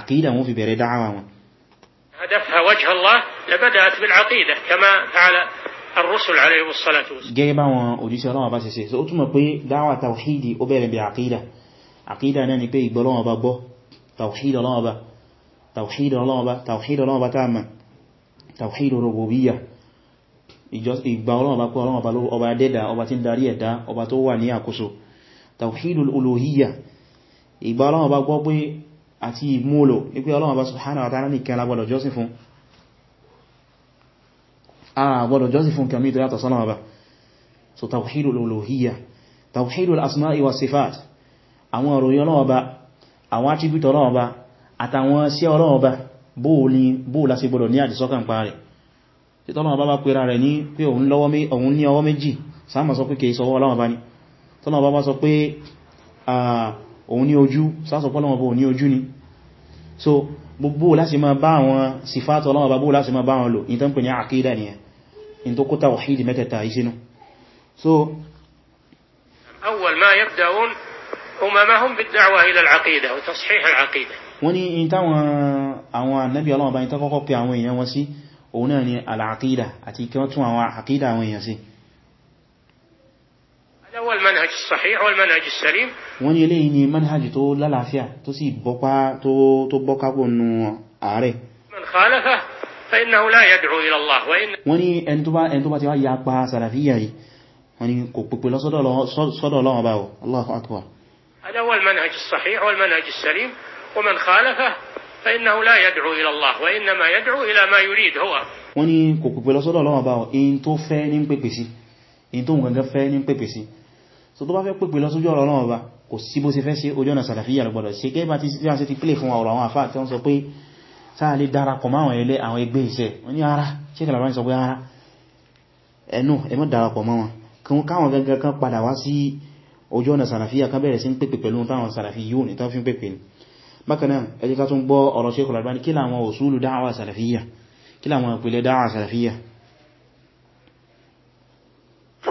àkídà wọ́n fi bẹ̀rẹ̀ dáhàwà wọn هدفها وجه الله لبدأت بالعقيدة كما فعل الرسل عليه الصلاة والسلام جيبا وأديسي الله بس سيسي أتما بي دعوة توحيدي أبير بعقيدة عقيدة ناني بي بلون بابو توحيد الله با توحيد الله با توحيد الله با تاما tawhid rububiyyah ìgbà ọlọ́ọ̀bá pé ọlọ́ọ̀bá ọba dẹ́dà ọba tí ń darí ẹ̀dá ọba tó wà ní àkóso tawhidul uluhiyyah ìgbà ọlọ́ọ̀bá gbọ́ pé àti ìmúlò ipé ọlọ́ọ̀bá subhanahu wa ta'ala nìkan lágbọ́dọ̀ jọ́sìn fún àgbọ́dọ̀ jọ́sìn fún kẹmí tó yàtọ̀ sọ́nà ọba so tawhidul uluhiyyah tawhidul asma'i wa sifat àwọn ọ̀rọ̀ yọ́nà ọba àwọn attribute ọlọ́ọ̀bá àtàwọn sí ọlọ́ọ̀bá bóòlá sí gbọ́dọ̀ ní àdìsọ́kàn pa rẹ̀ tí tọ́lọ́wọ́ bá bá pèrà rẹ̀ ní pé òun ní ọwọ́ méjì sáàmà sọ pé kèé sọ ọwọ́ bá ní tọ́lọ́wọ́ bá bá sọ pé òun ní ojú ما هم بالدعوة إلى العقيدة وتصحيح العقيدة wọ́n ní in táwọn àwọn annabi ọlọ́wọ́ bá ní tán kọ́kọ́ pé àwọn èèyàn wọn sí òun náà ni al'aqida àti kí wọ́n tún àwọn àkídà àwọn èèyàn sí wọ́n ní eléyìí ni manhajì tó lálàáfíà tó sì bọ́kápò nù ààrẹ wọ́n ní ẹni tó bá ti wá ya pa sàràfíyà yìí wọ́n ní kò pèpè lọ sọ́dọ̀ Ọlọ́run bá Allahu akbar. هذا هو المنهج الصحيح والمنهج السليم ومن خالفه فإنه لا يدعو إلى الله وإنما يدعو إلى ما يريد هو wọ́n ní kò pèpè lọ sọ́dọ̀ Ọlọ́run bá ọ̀ in tó fẹ́ ní pèpè sí in tó gangan fẹ́ ní pèpè sí so tó bá fẹ́ pèpè lọ sójú Ọlọ́run bá kò sí bó ṣe fẹ́ sí ojú ọ̀nà sàlàfíyà lọ́gbọ̀dọ̀ sí kẹ́ bá ti sí àṣẹ ti pílẹ̀ fún ọ̀rọ̀ àwọn àfáà tí wọ́n sọ pé sáà lè darapọ̀ máwọn ẹlẹ́ àwọn ẹgbẹ́ iṣẹ́ wọ́n ní ara ṣẹ́kẹ̀lá bá ń sọ pé ara ẹnu ẹmọ́ darapọ̀ mọ́ wọn kí wọ́n káwọn gangan kan padà wá sí ojú ọ̀nà sàlàfíyà kan bẹ̀rẹ̀ sí ń pèpè pẹ̀lú táwọn sàlàfí yóò ní tán fi ń pèpè ni bákanáà ẹ jẹ́ ká tún gbọ́ ọ̀rọ̀ Sheikh Al-Albani kí láwọn usulu da'wa salafiyya kí láwọn ìpìlẹ̀ da'wa salafiyya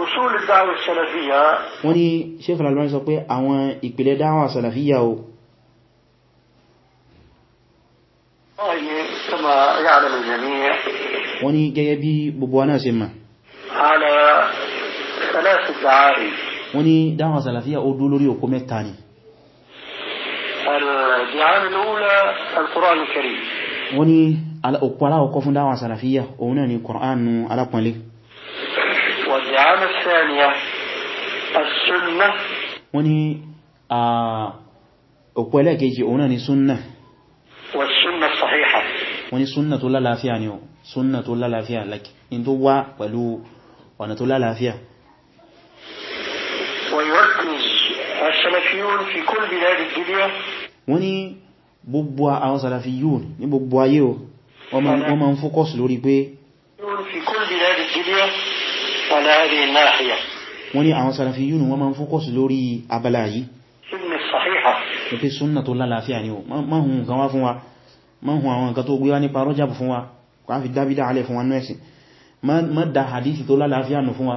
usulu da'wa salafiyya wọ́n ní Sheikh Al-Albani sọ pé àwọn ìpìlẹ̀ da'wa salafiyya o wọ́n ní gẹ́gẹ́ bí gbogbo wa náà ṣe mọ̀ wọ́n ní da'wa salafiyya ó dó lórí òkú mẹ́ta ni القرآن الكريم وني على أقوى دعوة سلفية وني القرآن على أقوى لي والدعامة الثانية السنة وني أقوى لكي وني سنة والسنة الصحيحة وني سنة لا لافية نيو سنة لا لافية لك إن دوا ولو وانا لا لافية ويركز السلفيون في كل بلاد الدنيا wọ́n ní gbogbo àwọn salafiyun ní gbogbo ayé o wọ́n ma ń fókọ́sù lórí pé wọ́n ní àwọn salafiyun wọ́n ma ń fókọ́sù lórí abala yìí pé súnnà tó lálàáfíà ni o máhùn nǹkan wá fún wa máhùn àwọn nǹkan tó gbé wá nípa rọ́jàbù fún wa wọ́n fi dábídá alẹ́ fún wa ní ẹ̀sìn tori dá hadithi tó lálàáfíà nù fún wa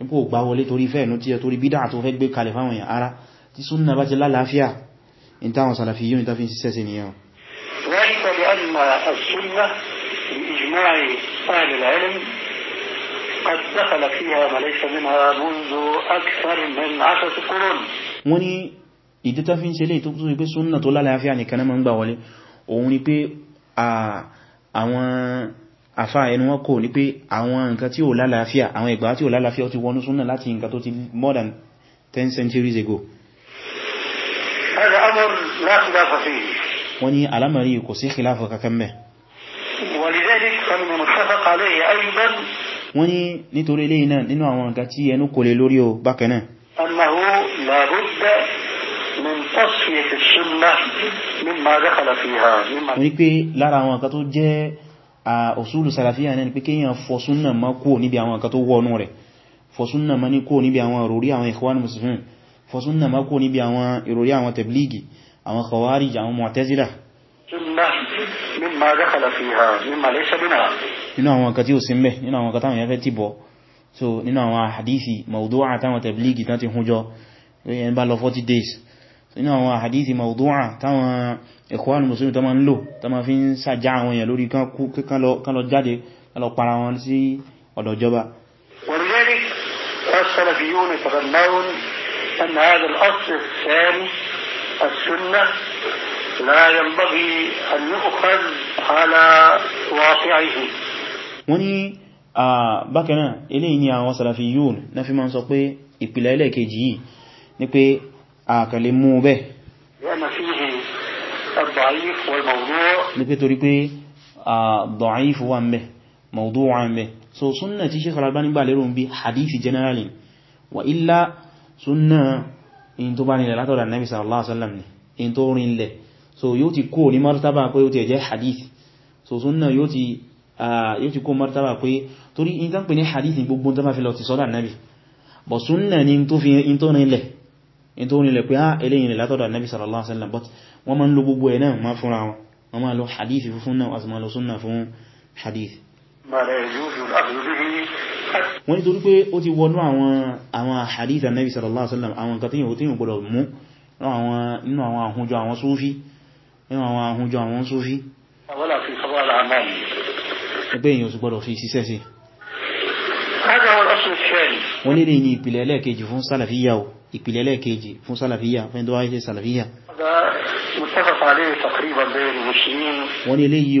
nípò gbá wọlé torí fẹ́ẹ̀nú tí ara tí súnnà bá ti lálàáfíà in táwọn sàlàfíyún ní tàfí síṣẹ́ sí ذلك لأن السنة بإجماع أهل العلم قد دخل فيها ما ليس منها منذ أكثر من عشرة قرون وني ní ìdí tàfí ń ṣe lè tó tó wípé súnnà tó lálàáfíà nìkan náà ma ń gbà wọlé òun ni pé àwọn àfá ẹnu wọn kò ní pé àwọn nǹkan tí ó lálàáfíà àwọn ìgbà tí ó lálàáfíà ó ti wọnú súnnà láti nǹkan tó ti more than 10 centuries ago لا خلاف فيه وني على مري كو سي خلاف ككن به ولذلك فمن متفق عليه ايضا àwọn nǹkan tí ẹnu kò lè lórí o bákan náà انه pé lára àwọn nǹkan tó jẹ́ a usulu salafiyya ni pé kéèyàn fọ ma kò ní àwọn nǹkan tó wọnú rẹ̀ fọ ma ni kò ní àwọn rori àwọn ikhwan muslimin fọ ma kò ní àwọn irori àwọn tabligi àwọn khawarij àwọn mu'tazila nínú àwọn nǹkan tí ó sí mẹ́ nínú àwọn nǹkan táwọn yẹn fẹ́ tìbọ̀ so nínú àwọn hadithi mawdu'a táwọn tabligi tán ti húnjọ yẹn bá lọ 40 days nínú àwọn hadithi mawdu'a táwọn ikhwan muslimin tó ma ń lò tó ma fi ń sàjá àwọn èèyàn lórí kan lọ jáde lọ para wọn sí ọ̀dọ̀ ìjọba ولذلك السلفيون يتغنون أن هذا الأصل الثاني السنة لا ينبغي أن يؤخذ على واقعه wọ́n ní bákanáà eléyìí ni àwọn salafiyun na fi ma ń sọ pé ìpìlẹ̀ ẹlẹ́ẹ̀kejì yìí ní pé àkàlẹ̀ mú bẹ́ ní pé torí pé da'if wà ń bẹ́ mawdu' wà ń bẹ́ so súnnà tí Shaykh Al-Albani gbà lérò ń bí hadithi generally wa illa súnnà in tó bá nílẹ̀ látọ̀dà nabi sallallahu alaihi wasallam ni in tó rin ilẹ̀ so yóò ti kó ní martaba pé ó ti ẹ̀jẹ́ hadith so sunna yóò ti yóò ti kó martaba pé torí in tán pè ní hadith ní gbogbo tó bá fi lọ ti sọ́dà nabi but sunna ni tó fi in tó rin ilẹ̀ in tó rin ilẹ̀ pé á ah, eléyìn ilẹ̀ látọ̀dà nabi sallallahu alaihi wasallam but wọ́n máa ń gbogbo ẹ̀ náà máa fúnra wọn wọ́n lo hadith fún náà wọ́n máa lo sunna fún hadith wọ́n nítorí pé ó ti wọnú àwọn hadith annabi sallallahu alaihi wasallam àwọn nǹkan tí yíò gbọdọ̀ mú nínú àwọn àhúnjọ àwọn Súfí pé èyàn sì gbọdọ̀ fi síṣẹ́ sí wọ́n nílé ní ìpìlẹ̀ ẹlẹ́ẹ̀kejì fún sálàfíyà ìpìlẹ̀ ẹlẹ́ẹ̀kejì fún sálàfíyà fẹ́ tó wáyé sálàfíyà wọ́n nílé yìí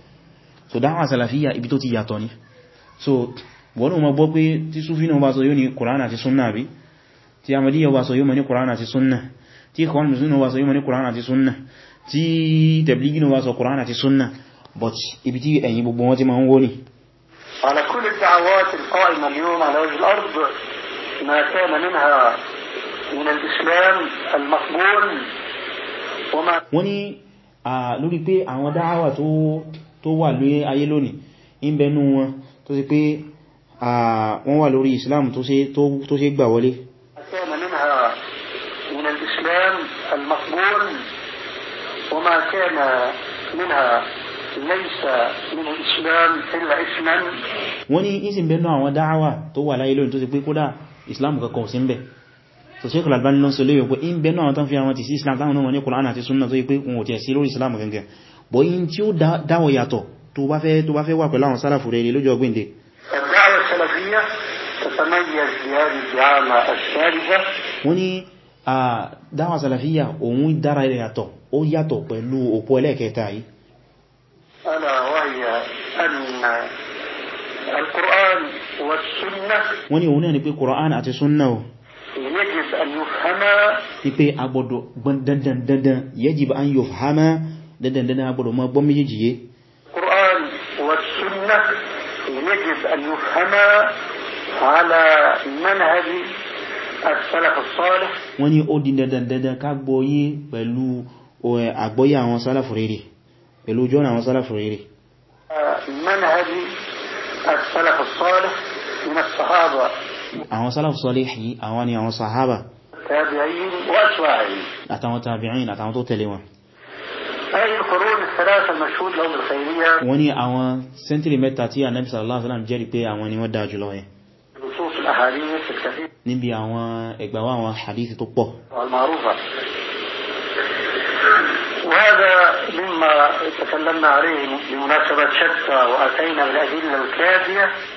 so dáwà sàlàfíyà ibi tó ti yàtọ̀ ni so wọ́n mọ̀ gbọ́ pé tí súfínà bá sọ yóò ní kùránà àti súnnà bí tí amadíyà bá sọ yóò mọ̀ ní kùránà àti súnnà tí kwan musulun bá sọ yóò mọ̀ ní kùránà على كل الدعوات القائمة اليوم على وجه الأرض ما كان منها من الإسلام المقبول وما wọ́n ni lórí pé àwọn dáhàwà tó tó wà lórí ayé lónìí ń bẹ nú wọn tó sì pé wọ́n wà lórí islam tó ṣe gbà wọlé وما كان منها ليس من الإسلام إلا إثما wọ́n ní ìsìn bẹ̀rẹ̀ náà àwọn dáhàwà tó wà láyé lónìí tó sì pé kódà islam kankan sí ń bẹ̀ so ṣe kùlà albani lọ́n sọ lóyìn pé in bẹ̀rẹ̀ náà tán fi àwọn ti sí islam táwọn náà wọ́n ní kùránà àti súnnà tó yí pé wọn ò tẹ̀ sí lórí islam gangan bọ̀yí tí ó dáwọ̀ yàtọ̀ tó bá fẹ́ tó bá fẹ́ wà pẹ̀lú àwọn sálàfù rere lójú ọgbìnde wọ́n ní dáwà sálàfíyà òun dára rẹ̀ yàtọ̀ ó yàtọ̀ pẹ̀lú òpó ẹlẹ́ẹ̀kẹta yìí wọ́n ní òun náà ni pé Kùránì àti súnnà o ni pé agbọ́dọ̀ dandandandan yẹ́jì bá an yóò fàhámá dandan dandan agbọ́dọ̀ mọ́ gbọ́n méjèèjì yé Qur'an wa sunnah yajib an yufhama ala manhaji as-salaf as-salih wọ́n ní ó di dandan dandan ká gbọ́ yé pẹ̀lú àgbọ́yé àwọn sálàfù rere pẹ̀lú ojú ọ̀nà àwọn sálàfù rere manhaji as-salaf as sahaba àwọn sálàfù sọ́lẹ̀ yìí àwọn ni àwọn sahaba àtàwọn tàbí'in àtàwọn tó tẹ̀lé wọn wọ́n ní àwọn sẹ́ntìrì mẹ́ta tí Ànábì sallallahu alaihi wasallam jẹ́rìí pé àwọn ni wọ́n dáa jùlọ yẹn níbi àwọn ẹgbàwà àwọn hadith tó pọ̀ وهذا مما تكلمنا عليه بمناسبة شتى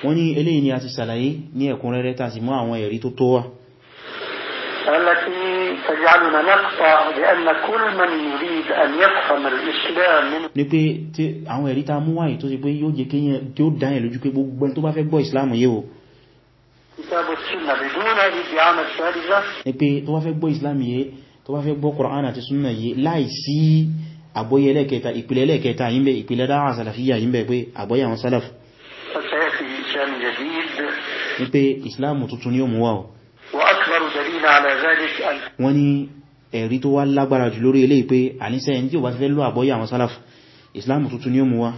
wọ́n ní eléyìí ni a ti ṣàlàyé ní ẹ̀kúnrẹ́rẹ́ tá sì àwọn ẹ̀rí tó tó wá التي تجعلنا نقطع بأن كل من يريد أن يفهم الإسلام ní pé tí àwọn ẹ̀rí tá mú wáyé tó sì pé yóò jẹ́ kíyàn tí ó dáyẹ̀ lójú pé gbogbo tó bá fẹ́ gbọ́ ìsìláàmù yíò ní pé tó bá fẹ́ gbọ́ ìsìláàmù yé tó bá fẹ́ gbọ́ Kùránì àti súnnà yé láìsí àgbọ́yé ẹlẹ́kẹta ìpìlẹ̀ ẹlẹ́kẹta yínbẹ̀ ìpìlẹ̀ dáwà sàlàfíyà yínbẹ̀ pé àgbọ́yé àwọn sálàf ní pé ìsìláàmù tuntun ni ó mú wá ọ̀ wọ́n ní ẹ̀rí tó wá lágbára jù lórí eléyìí pé àníṣẹ́ ẹni tí ò bá ti fẹ́ lọ àgbọ́yé àwọn sálàfù ìsìláàmù tuntun ni ó mú wá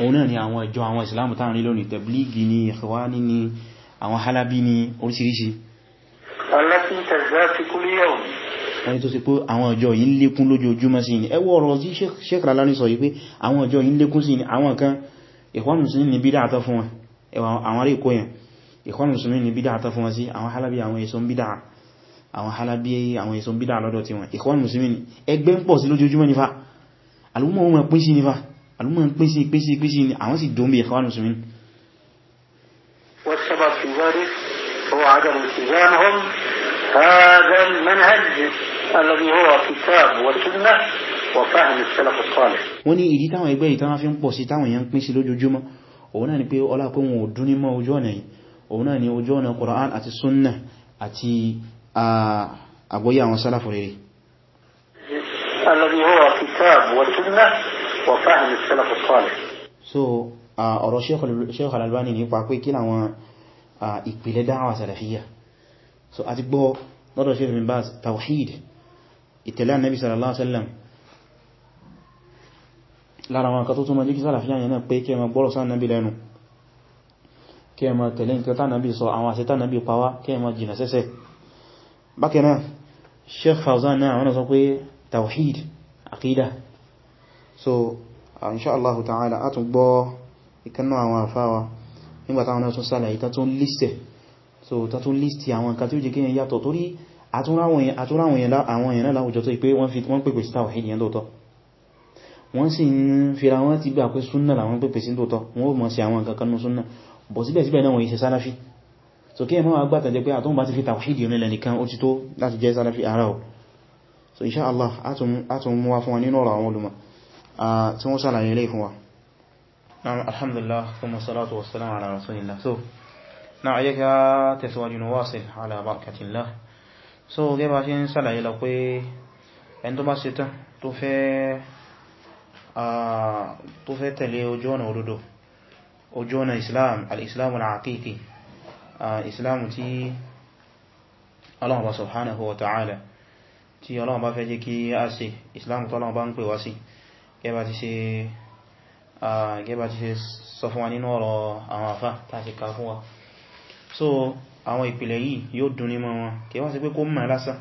òun náà ni àwọn ìjọ àwọn ìsìláàmù táà rí lónìí tẹ̀blígì ni ìhwání ni àwọn halabi ni oríṣiríṣi wọ́n ni tó sì pé àwọn ìjọ yìí ń lékún lójoojúmọ́ sí ni ẹwọ́ ọ̀rọ̀ sí Sheikh al Ikhwan Muslimin ni bídá tán fún wọn sí àwọn halabi àwọn èso ń bídá àwọn halabi àwọn èso ń bídá lọ́dọ̀ tí wọn Ikhwan Muslimin ẹgbẹ́ ń pọ̀ sí lójoojúmọ́ nífà alúmọ̀ wọn pín sí nífà alúmọ̀ pín sí pín sí pín sí ni التزامهم هذا المنهج الذي هو كتاب وسنة وفهم السلف الصالح wọ́n ní ìdí táwọn ẹgbẹ́ ìtàn fi ń pọ̀ sí táwọn èèyàn pín sí lójoojúmọ́ òun náà ní mọ́ ojú ọ̀nà òun náà ni ojú ọ̀nà Qur'an àti súnnà àti àgbóyé àwọn sálàfù rere so ọ̀rọ̀ Sheikh Al-Albani nípa so àti gbọ́ lọ́dọ̀ Sheikh Bin Baz tawhid ìtẹ̀lé Ànábì sallallahu alaihi wasallam lára wọn kan tó túnmọ̀ jíkí sàlàfíyà yẹn náà pé kí ẹ má gbọ́rọ̀ sáà Ànábì lẹ́nu kí ẹ má tẹ̀lé nǹkan tánàbí sọ àwọn àṣẹ tánàbí pàwá kí ẹ má jìnà sẹ́sẹ̀ bákanáà Sheikh Fawzan náà wọ́n sọ pé tawhid aqida so inṣáàlá ta'ala a tún gbọ́ ìkanná àwọn àfáwa nígbàtà wọn tún sálàyé so ta tún lístì àwọn nǹkan tí ó jẹ́ kí yẹn yàtọ̀ torí àtúnráwọn èèyàn láwùjọ tó pé wọ́n pèpè sí tawhid yẹn lóòtọ́ wọ́n sì ń fira wọ́n ti gbà pé súnnà làwọn pèpè sí lóòtọ́ wọ́n ó mọ̀ sí àwọn nǹkan kanú súnnà bọ̀ síbẹ̀síbẹ̀ náà wọ́n yí ṣe sálàfí so kí ẹmọ́ agbátà jẹ pé àtọ́n bá ti fi tàwíìdì onílẹ̀ nìkan ó ti tó láti jẹ́ sálàfí ara ọ̀ so insha Allah átùn mú wa fún wa nínú ọ̀rọ̀ àwọn olùmọ̀ tí wọ́n sàlàyé ilé fún wa alhamdulillah thumma salatu wassalamu ala rasulillah so náà ayé ká tẹ̀síwájú ní wáṣẹ̀ ala barakatillah so gẹ́bà ṣe ń sàlàyé lọ pé tẹ̀lé ojú ọ̀nà òdodo ojú ọ̀nà islam al-islam al-aqiqi islam tí Ọlọ́run bá subhanahu wa ta'ala tí Ọlọ́run bá fẹ́ jẹ́ kí a ṣe islam tó Ọlọ́run bá ń pè wá sí gẹ́bà ti ṣe sọ wa nínú ọ̀rọ̀ àwọn àfá tàbí ká fún wa so àwọn ìpìlẹ̀ yìí yóò dùn ní mọ́ wọn kí wọ́n sí pé kó mọ̀ lásán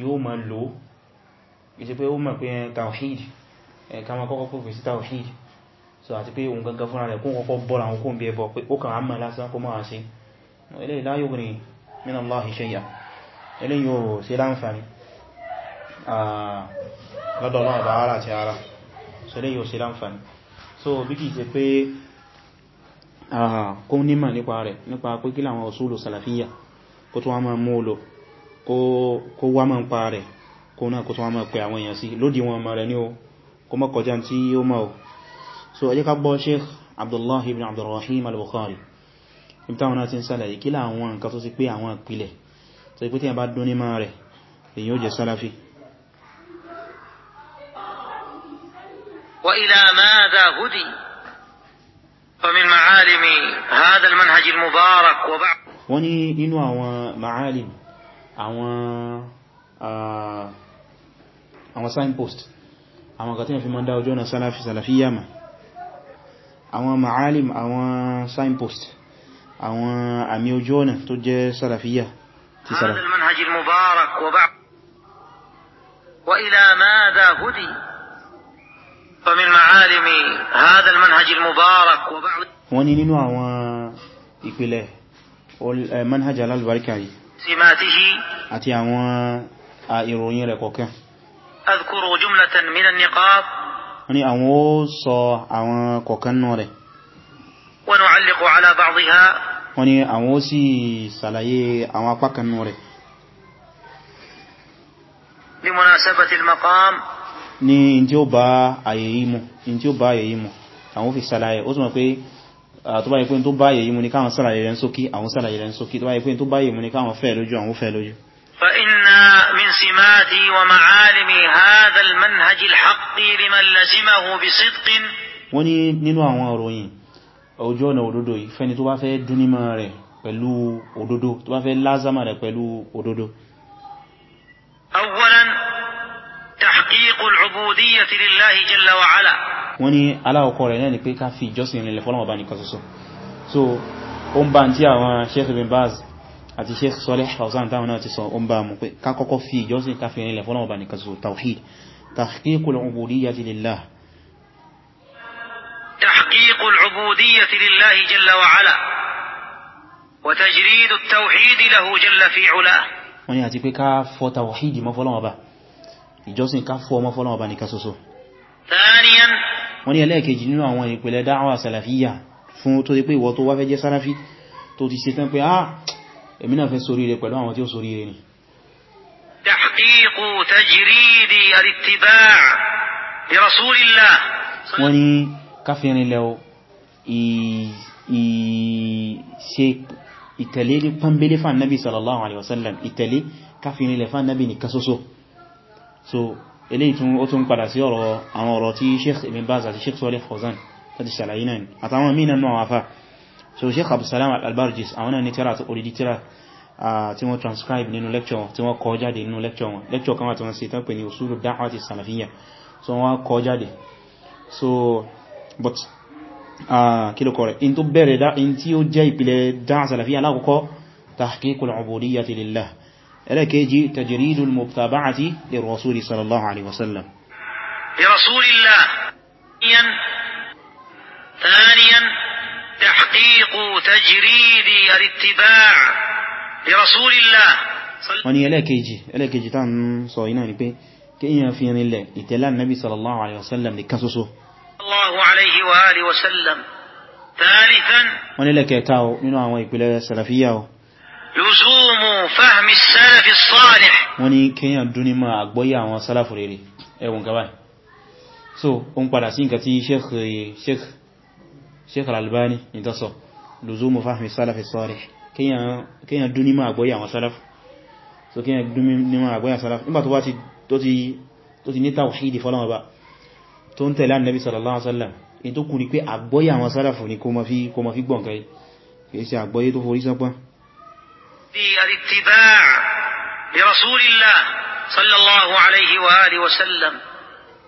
yóò mọ̀ lòó so àti pé òun gangan fúnra rẹ̀ kún kọ́kọ́ bọ́ra àwọn kún bí ẹbọ pé ó kàn án mọ̀ lásán kó máa ṣe eléyìí la yughni min Allahi shay'a eléyìí yóò ṣe láǹfàní lọ́dọ̀ náà bá ara ti ara so eléyìí yóò ṣe láǹfàní so bí kìí ṣe pé kó nímọ̀ nípa rẹ̀ nípa pé kí làwọn usulu salafiyya kó tó wá máa mú lò kó tí ó mọ̀ so ẹ jẹ́ ká gbọ́ sheikh abdullahi ibn abdurrahim al-bukhari ibtáwọn náà ti ń sálàyé kí láwọn nǹkan tó sì pé àwọn ìpìlẹ̀ tó sì pé tí a bá dún ní máa rẹ̀ èyí ó jẹ́ sálàfí wọ́n ní inú àwọn ma'alim àwọn signpost àwọn kàtíyàn fi mọ́ dá ojú ọ̀nà sálàfí sálàfí yàmà àwọn ma'alim àwọn signpost àwọn àmì ojú ọ̀nà tó jẹ́ sàràfíyà ti sàrà هذا المنهج المبارك وبعد وإلى ماذا هدي فمن معالم هذا المنهج المبارك وبعد wọ́n ni nínú àwọn ìpìlẹ̀ manhaj al-albarka yìí símátíhì àti àwọn ìròyìn rẹ̀ kọ̀ọ̀kan أذكر جملة من النقاط ní àwọn ó sọ àwọn kọ̀kan nù rẹ̀ wa nu'alliqu ala ba'diha wọ́n ní àwọn ó sì sàlàyé àwọn apákan nù rẹ̀ li munasabati al-maqam ní in tí ó bá ayẹyí mu in tí ó bá ayẹyí mu àwọn fi sàlàyé ó túnmọ̀ pé tó bá pé tó bá ayẹyí ní káwọn sàlàyé rẹ̀ ń sókí àwọn sàlàyé rẹ̀ ń sókí tó bá pé tó bá ayẹyí ní káwọn fẹ́ lójú àwọn fẹ́ lójú فإن من سمات ومعالم هذا المنهج الحق لمن لزمه بصدق wọ́n ní nínú àwọn òròyìn ojú ọ̀nà òdodo yìí fẹ́ni tó bá fẹ́ dúnímọ̀ rẹ̀ pẹ̀lú òdodo tó bá fẹ́ lázàmà rẹ̀ pẹ̀lú òdodo awwalan tahqiq al-ubudiyyah lillahi jalla wa ala wọ́n ní aláwọ̀kọ́ rẹ̀ náà ni pé ká fi ìjọsìn rẹ̀ lẹ̀ fọ́lọ́mọ̀bá nìkan ṣoṣo so ó ń bá ń tí àwọn Sheikh Ibn Baz àti Sheikh Saleh Fawzan táwọn náà ti sọ o ń bá mú pé ká kọ́kọ́ fi ìjọsìn ká fi rinlẹ̀ fọ́lọ́wọ́ bá ní kàzù tawhid tahqiqul ubudiyyati lillah tahqiqul ubudiyyati lillahi jalla wa ala wa wọ́n ni pé ká fọ tawhid ìjọsìn ká fọ èmi náà fẹ́ sórí rẹ̀ pẹ̀lú àwọn tí ó sórí rẹ̀ ni tahqiqu tajridi al-ittiba' li rasulillah wọ́n ni káfírin lẹ́wọ́ ìtẹ̀lé ní pàmbélé fà nábi sallallahu alaihi wasallam ìtẹ̀lé káfírin lẹ́fà nábi ní kasoso so eléyìí tún ó tún padà so sheikh abdulsalam al-albarjis àwọn náà ní tíra àti olìdí tíra tí wọ́n transcribe nínú lecture wọn tí wọ́n kọ jáde nínú lecture wọn lecture kan wà tí wọ́n ṣe tán pè ní usulu da'wati salafiyya so wọ́n kọ jáde so but kí ló kọ in tó bẹ̀rẹ̀ dá in tí ó jẹ́ ìpìlẹ̀ da'wa salafiyya alákọ̀ọ́kọ́ tahqiqul ubudiyyati lillah ẹlẹ́kẹ́jì tajridul muttaba'ati lirrasuli sallallahu alaihi wasallam lirrasulillah ثانيا تحقيق تجريد الاتباع لرسول الله wọ́n ni ẹlẹ́kejì ẹlẹ́kejì tán sọ iná ni pé kí èyàn fi rin lẹ̀ ìtẹ̀lá nàbí sallallahu alaihi wasallam ní kan ṣoṣo wọ́n ni lẹ́kẹta o nínú àwọn ìpìlẹ̀ sàlàfíyà o wọ́n ni kíyàn dúní ma àgbọ́yé àwọn sálàfù rere ẹwùn gaba so o ń padà sí nǹkan tí sheikh Sheikh Al-Albani ní tọ́sọ lùzúmù fahmi salafi salih kíyàn dún nímọ̀ àgbọ́yà àwọn salaf so kíyàn dún nímọ̀ àgbọ́yà salaf nígbà tó wá tó ti ní tawhidi fọ́lọ́wọ́ bá tó ń tẹ̀lé annabi sallallahu alaihi wasallam in tó kù ní pé àgbọ́yà àwọn salaf ní kó ma الله صلى الله عليه وآله وسلم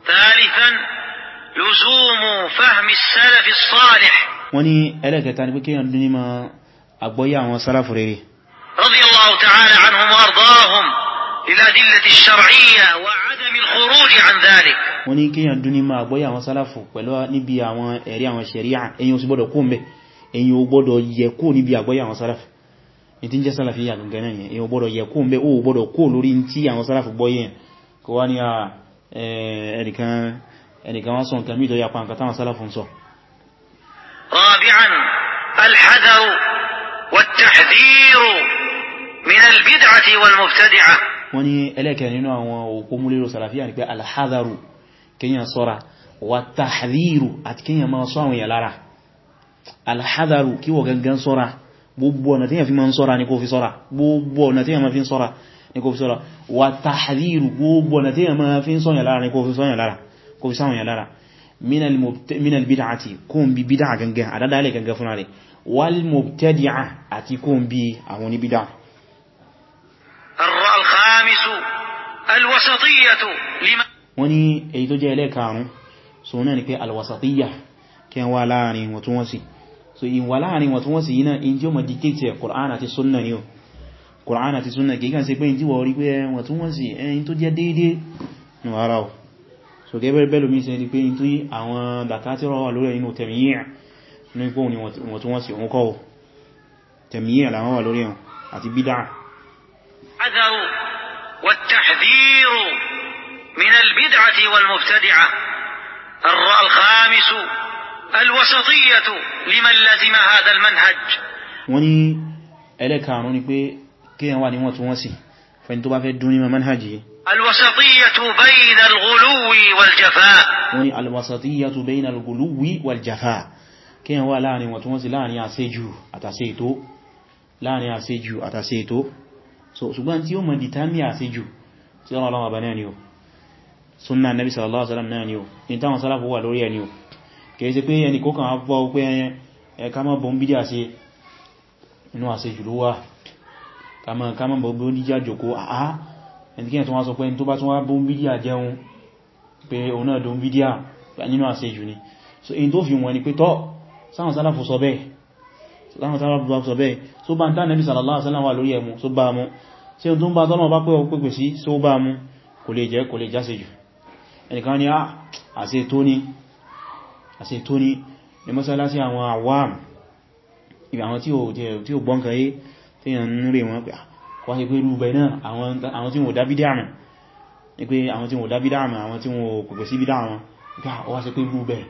ثالثا لزوم فهم السلف الصالح وني ألك تاني بكي أنني ما أقبيا وصلاف ريري رضي الله تعالى عنهم وأرضاهم للأدلة الشرعية وعدم الخروج عن ذلك وني كي أنني ما أقبيا وصلاف pẹ̀lú níbi àwọn ẹ̀rí àwọn ṣẹ̀ríà ẹ̀yin ò sì gbọ́dọ̀ kú ńbẹ̀ ẹ̀yin ò gbọ́dọ̀ yẹ kú níbi àgbọ́yé àwọn sálàfù ìtí ń jẹ́ sálàfù yà gangan náà ẹ̀yin ò gbọ́dọ̀ yẹ kú ńbẹ̀ ó gbọ́dọ̀ kú lórí tí àwọn sálàfù gbọ́yé kò wá ní ah, eh, ẹnìkan ẹnìkan wọ́n sọ nǹkan mí ìdọ́yà pa nǹkan táwọn sálàfún sọ رابعا الحذر والتحذير من البدعة والمبتدعة wọ́n ní ẹlẹ́kẹ̀ẹ́ nínú àwọn òkú múlérò sàràfíà ní pé alhadaru kíyàn sọ́ra wàtàhàdìrù àti kíyàn máa sọ àwọn èèyàn lára alhadaru kí wọ gangan sọ́ra gbogbo ọ̀nà tíyàn fi máa ń sọ́ra ní kó fi sọ́ra gbogbo ọ̀nà tíyàn máa fi ń sọ́ra ní kó fi sọ́ra wàtàhàdìrù gbogbo ọ̀nà tíyàn máa fi ń sọ́yàn lára ní kó fi sọ́yàn lára kó fi sáwọn yà lára minal bid'ati kóhun bí bídá gangan àdádálẹ̀ gangan fúnra rẹ̀ wal mubtadi'a àti kóhun bí àwọn oníbídá wọ́n ní èyí tó jẹ́ ẹlẹ́karùn so náà ni pé alwasatiyya kí wà láàrin wọ̀túnwọ̀sí so in wà láàrin wọ̀túnwọ̀sí yína in jí o ma dictate Qur'an àti sunna ni o Qur'an àti sunna kìí kan ṣe pé in jí wọ̀ orí pé wọ̀túnwọ̀sí ẹ̀yìn tó jẹ́ déédéé so gẹ́gẹ́ bẹ́lú mi ṣe ni pé ní tí àwọn dàkátírọ̀ wà lórí inú tẹ̀míyàn ní ipò ni wọ́n tí wọ́n sì ń kọ́ tẹ̀míyàn làwọn wà lórí ẹ̀hùn àti bídá والتحذير من البدعة والمبتدعة الخامس الوسطية لمن لزم هذا المنهج wọ́n ní ẹlẹ́kàrún ni pé kíyàn wà ní wọ́n tí wọ́n sì fẹ́ tó bá fẹ́ dún ní manhaji الوسطية بين الغلو والجفاء وني الوسطية بين الغلو والجفاء كين هو لاني وتوانسي لاني أسيجو أتسيتو لاني أسيجو أتسيتو so ṣùgbọ́n tí ó mọ̀ dìtàmí àṣíjù tí ọmọ ọlọ́wọ́ bá náà ni ó súnnà nàbí sallallahu alaihi wasallam náà ni ó ní táwọn sálàfù wà lórí ẹni ó kìí sí pé ẹni kó kàn á bọ́ pé ẹka mọ́ bọ́n bídí àṣẹ inú àṣẹ jùlọ wà kàmọ́ bọ́n bídí àjòkó àá ẹnikẹ́ni tó wá sọ pé tó bá tún wá bó ń bídíà jẹun pé òun náà dó ń bídíà nínú àṣejù ni so in tó fi wọn ni pé tọ́ sáwọn sálàfù sọ bẹ́ẹ̀ so bá ń tán nẹ́bí sallallahu alaihi wasallam wà lórí ẹmu so bá mú tí ó tún bá tọ́lọ̀ bá pẹ́ pẹ́pẹ́ sí so bá mú kò lè jẹ́ kò lè jáṣejù ẹnìkan ni ah, àṣe tó ní ní mọ́sálásí àwọn àwàm ìgbà àwọn tí ó gbọ́nkẹ́ tí ó ń rí wọn pẹ́ kọ́ ṣe pé rúgbẹ̀ náà àwọn tí wọ́n dá bídá àmì ní pé àwọn tí wọ́n dá bídá àmì àwọn tí wọ́n kòkò sí bídá àwọn gbá ọ wá sí pé rúgbẹ̀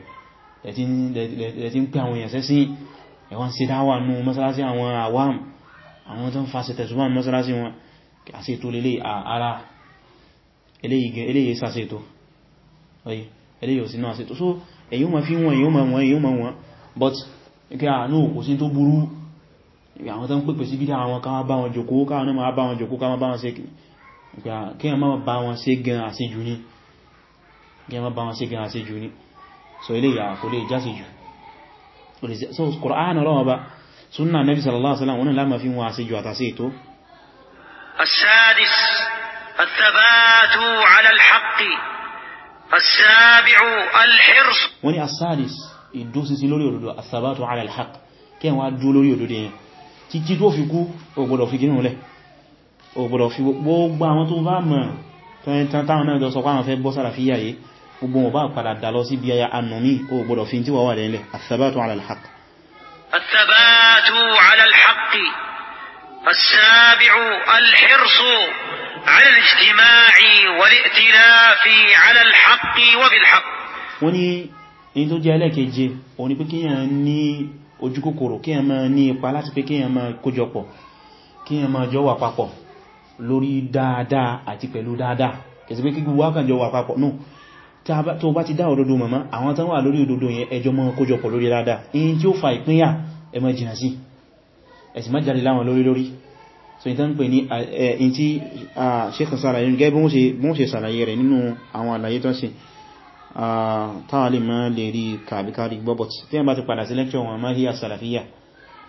lẹ́tí ń pẹ àwọn èèyàn sẹ́sí ẹ̀wọ́n sí dáwà nú mọ́sálásí àwọn àwám àwọn tó ń fa sí tẹ̀sùbá mọ́sálásí wọn àti ètò lélẹ̀ ara eléyìí sàṣètò eléyìí se àṣètò so èyí ó ma fi wọn èyí ó ma wọn èyí ó ma wọn but kí a náà kò sí buru àwọn tó ń sí bídá àwọn káwọn bá wọn jòkó káwọn náà bá wọn jòkó káwọn bá wọn ṣe gan àṣejù ní ní so ilé ìyà kò lè jásejù so Qur'an ọlọ́wọ́ bá sunna nabi sallallahu alaihi wasallam wọn lámà fi wọn àṣejù السادس الثبات على الحق السابع الحرص wọ́n السادس ìdúsí sí lórí òdodo الثبات على الحق kí wọ́n dúó lórí òdodo yẹn títí tó fi kú ògbọ́dọ̀ fi gínú lẹ̀ ògbọ́dọ̀ fi gbogbo àwọn tó bá mọ̀ táwọn náà jọ sọ fẹ́ bọ́ sàràfíyà yìí gbogbo wọn bá padà dà lọ sí bí aya annumi ògbọ́dọ̀ fi tí wà wà lẹ́lẹ̀ السابع الحرص على الاجتماع والائتلاف على الحق وبالحق wọ́n ní in tó jẹ́ ẹlẹ́keje òun ojú kòkòrò kí ẹ máa ní ipa láti pé kí ẹ máa kójọpọ̀ kí ẹ máa jọ wà papọ̀ lórí dáadáa àti pẹ̀lú dáadáa kẹsì pé kí gbogbo wa jọ wà papọ̀ no tó bá ti dá òdodo mọ̀mọ́ àwọn tán wà lórí òdodo yẹn ẹjọ mọ́ kójọpọ̀ lórí dáadáa in tí ó fa ìpínyà ẹ má so in tán pè ní in tí ṣe kàn sàlàyé gẹ́gẹ́ bí wọ́n ṣe sàlàyé rẹ̀ nínú àwọn táwọn lè máa lè rí kàbíkárí gbọ́bọ̀t tí wọ́n bá ti padà sí lecture wọn máa rí àsàlàfíyà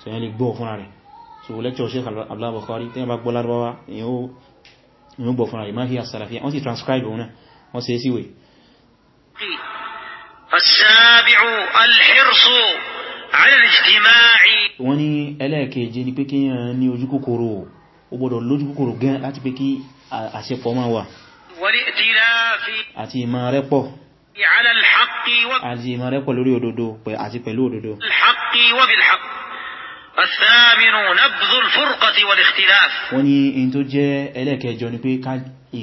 so yẹn lè gbọ́ fúnra rẹ̀ so lecture Sheikh Abdullah Bukhari tí wọ́n bá gbọ́ lárúbáwá yóò gbọ́ fúnra الحرص على الاجتماع wọ́n ní ẹlẹ́ẹ̀kẹ́jẹ́ ni pé kí yàn ní ojú kòkòrò ó gbọ́dọ̀ lójú kòkòrò gan láti pé kí àṣepọ̀ àti ìmọ̀ rẹ̀ pẹ̀lú òdodo àti pẹ̀lú òdodo wọ́n ní in tó jẹ́ ẹlẹ́kẹjọ ni pé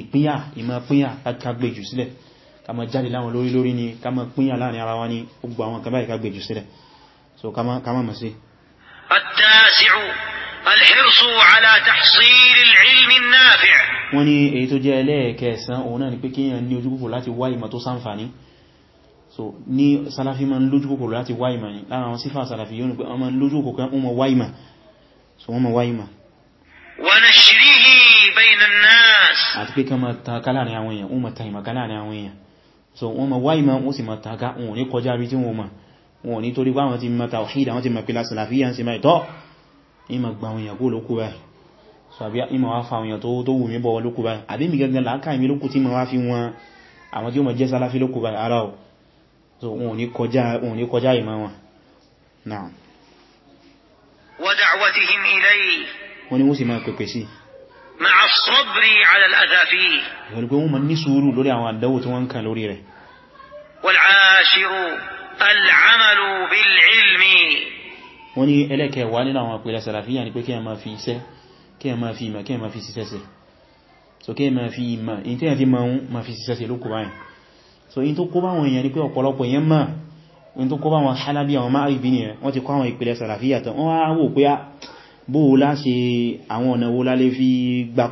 ìpínyà ìmọ̀ pínyà ká gbèjù sílẹ̀ ká má jáde láwọn lórí lórí ni ká má pínyà láàrin ara wa ní gbogbo àwọn kan báyìí ká gbèjù sílẹ̀ التاسع الحرص على تحصيل العلم النافع wọ́n ní èyí tó jẹ́ ẹlẹ́ẹ̀kẹsàn òun náà ni pé kíyàn ní ojúkòkòrò láti wá ìmọ̀ tó sáǹfàní so ní sálàfí ma ń lójúkòkòrò láti wá ìmọ̀ ní lára sífà sálàfí yóò ní pé ọmọ lójúkòkòrò wọ́n ma wá ìmọ̀ so wọ́n ma wá ìmọ̀ àti pé kama taka láàrin àwọn èèyàn wọ́n ma ta ìmọ̀ àwọn èèyàn so àbí ìmọ̀ wá fa àwọn èèyàn tó wù tí ó mọ̀ jẹ́ sálàfí lókù báyìí ara ọ̀ so wọn ò ní kọjá ìmọ̀ wọn náà wa da'watihim ilayhi wọ́n ni wọ́n sì máa pẹ̀pẹ̀ sí ma'a as-sabri wọ́n ni wọ́n ma ní sùúrù lórí àwọn àdáwò tí wọ́n kàn lórí rẹ̀ wọ́n ni ẹlẹ́kẹ̀ẹ́wà nínú àwọn àpẹẹrẹ sàràfíyà ni pé kí a máa fi iṣẹ́ kí ẹ máa fi ìmọ̀ kí ẹ máa fi síṣẹ́sẹ̀ so kí ẹ máa fi ìmọ̀ in tí ẹ fi máa fi síṣẹ́sẹ̀ ló kò so in tó kó bá wọn èèyàn ni pé ọ̀pọ̀lọpọ̀ yẹn máa in tó ni ẹ wọ́n ti kọ́ àwọn ìpìlẹ̀ sàràfíyà tán wọ́n á wò pé ah, bó o láṣe àwọn ọ̀nà wo lálé fi gba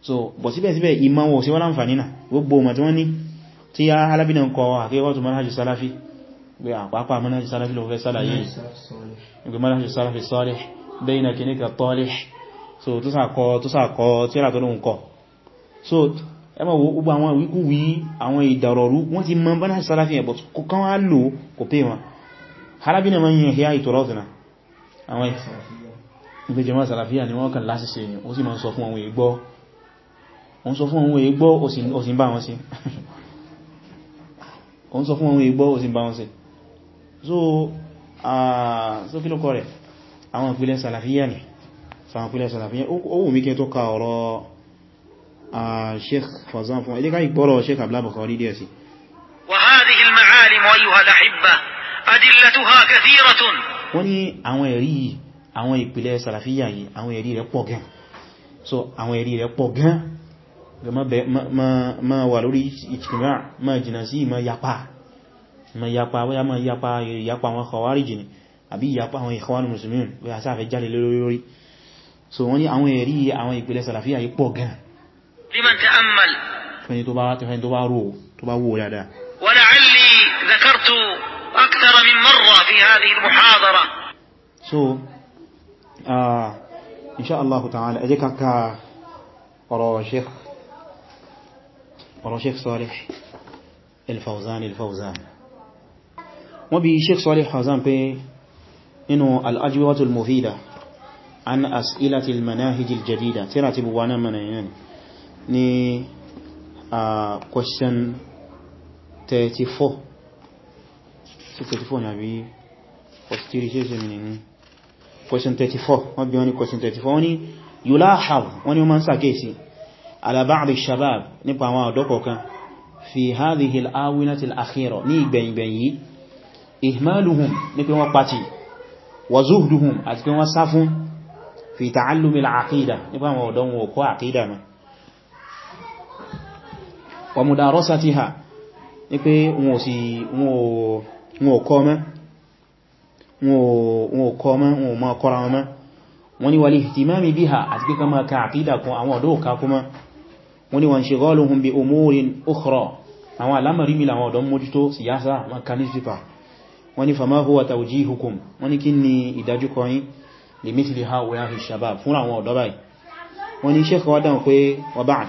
so bọ̀ síbẹ̀síbẹ̀ ìmọ̀ wọ̀ sí wọ́n láǹfà nínà gbogbo ọmọ tí wọ́n ní tí halabi náà kọ àkíkọ́ tó mọ́lájú sálàfí pé àpapà ah, mọ́nájú sálàfí lọ fẹ́ sálàyé ìgbé mọ́nájú sálàfí sọ́lẹ̀ bẹ́yìnà kì ní kà tọ́lẹ̀ so tó sàkọ tíra tó lóhun kọ so ẹmọ̀ gbogbo àwọn ìwíkú wí àwọn ìdàrọ̀rú wọ́n ti mọ́ mọ́nájú sálàfí ẹ̀bọ̀ kọ́kán o lò kò pé wọn harabi na manyan hiya ìtọ̀rọ̀tìna àwọn ìgbé jẹmọ́ sàlàfíà ni wọ́n kàn lásìsẹ̀ yìí ó sì máa ń sọ fún àwọn ìgbọ́ òun sọ fún àwọn ìgbọ́ òsìn bá wọn sí [LAUGHS] Uh, so kí ló kọ́ rẹ̀ àwọn ìpìlẹ̀ sàlàfíyà ni sàwọn ìpìlẹ̀ sàlàfíyà ó wù mí kí tó ka ọ̀rọ̀ uh, sheikh fazan fún ẹjẹ́ ìgbọ́rọ̀ sheikh abdullahi díẹ̀ sí وهذه المعالم أيها الأحبة أدلتها كثيرة wọ́n ní àwọn ẹ̀rí àwọn ìpìlẹ̀ sàlàfíyà yìí àwọn ẹ̀rí rẹ̀ pọ̀ gan so àwọn ẹ̀rí rẹ̀ pọ̀ gan ma wà lórí ìtìmá ma jìnà sí ma yapa ma yapa bóyá ma yapa yapa àwọn khawarij ni àbí yapa àwọn ikhwanul muslimin bóyá sa so wọ́n ní àwọn ẹ̀rí àwọn ìpìlẹ̀ salafiya yìí pọ̀ gan liman ta'ammal fani tó bá fani tó bá rò tó bá wò dáadáa wa la'alli dhakartu akthar min marra fi hadhihi muhadara so ah insha Allah ta'ala aje ka ka ọ̀rọ̀ sheikh ọ̀rọ̀ sheikh Salih al-Fawzan al-Fawzan wọ́n bí Sheikh Salih Fawzan pé nínú al-ajwibatul mufida an as'ilatil manahijil jadida tí láti buwa nan manayin ni a question 34 34 ni àbí question 34 wọ́n bí wọ́n ni question 34 wọ́n ni yulahab wọ́n ni wọ́n máa ń sàkéèsì ala ba'd ash-shabab nípa àwọn ọ̀dọ́ kọ̀ọ̀kan fi hadhihi al akhira ní ìgbẹ̀yìngbẹ̀yìn ihmaluhum ní pé wọ́n pàtì wa zuhduhum àti pé wọ́n sá fún fi ta'allumi al-aqida nípa àwọn ọ̀dọ́ wọn kọ́ aqida ma wa mudarasatiha ní pé wọn ò sí wọn ò kọ́ mọ́ wọn ò kọ́ mọ́ wọn ò mọ́ kọ́ra wọn mọ́ wọ́n ni wọ́n ní fama huwa tawjihukum wọ́n ní kí ni ìdájúkọ yín lè mítìlì ha wẹ́ ahì shabab fún àwọn ọ̀dọ́ báyìí wọ́n ní sheikh wa dáhùn pé wa ba'd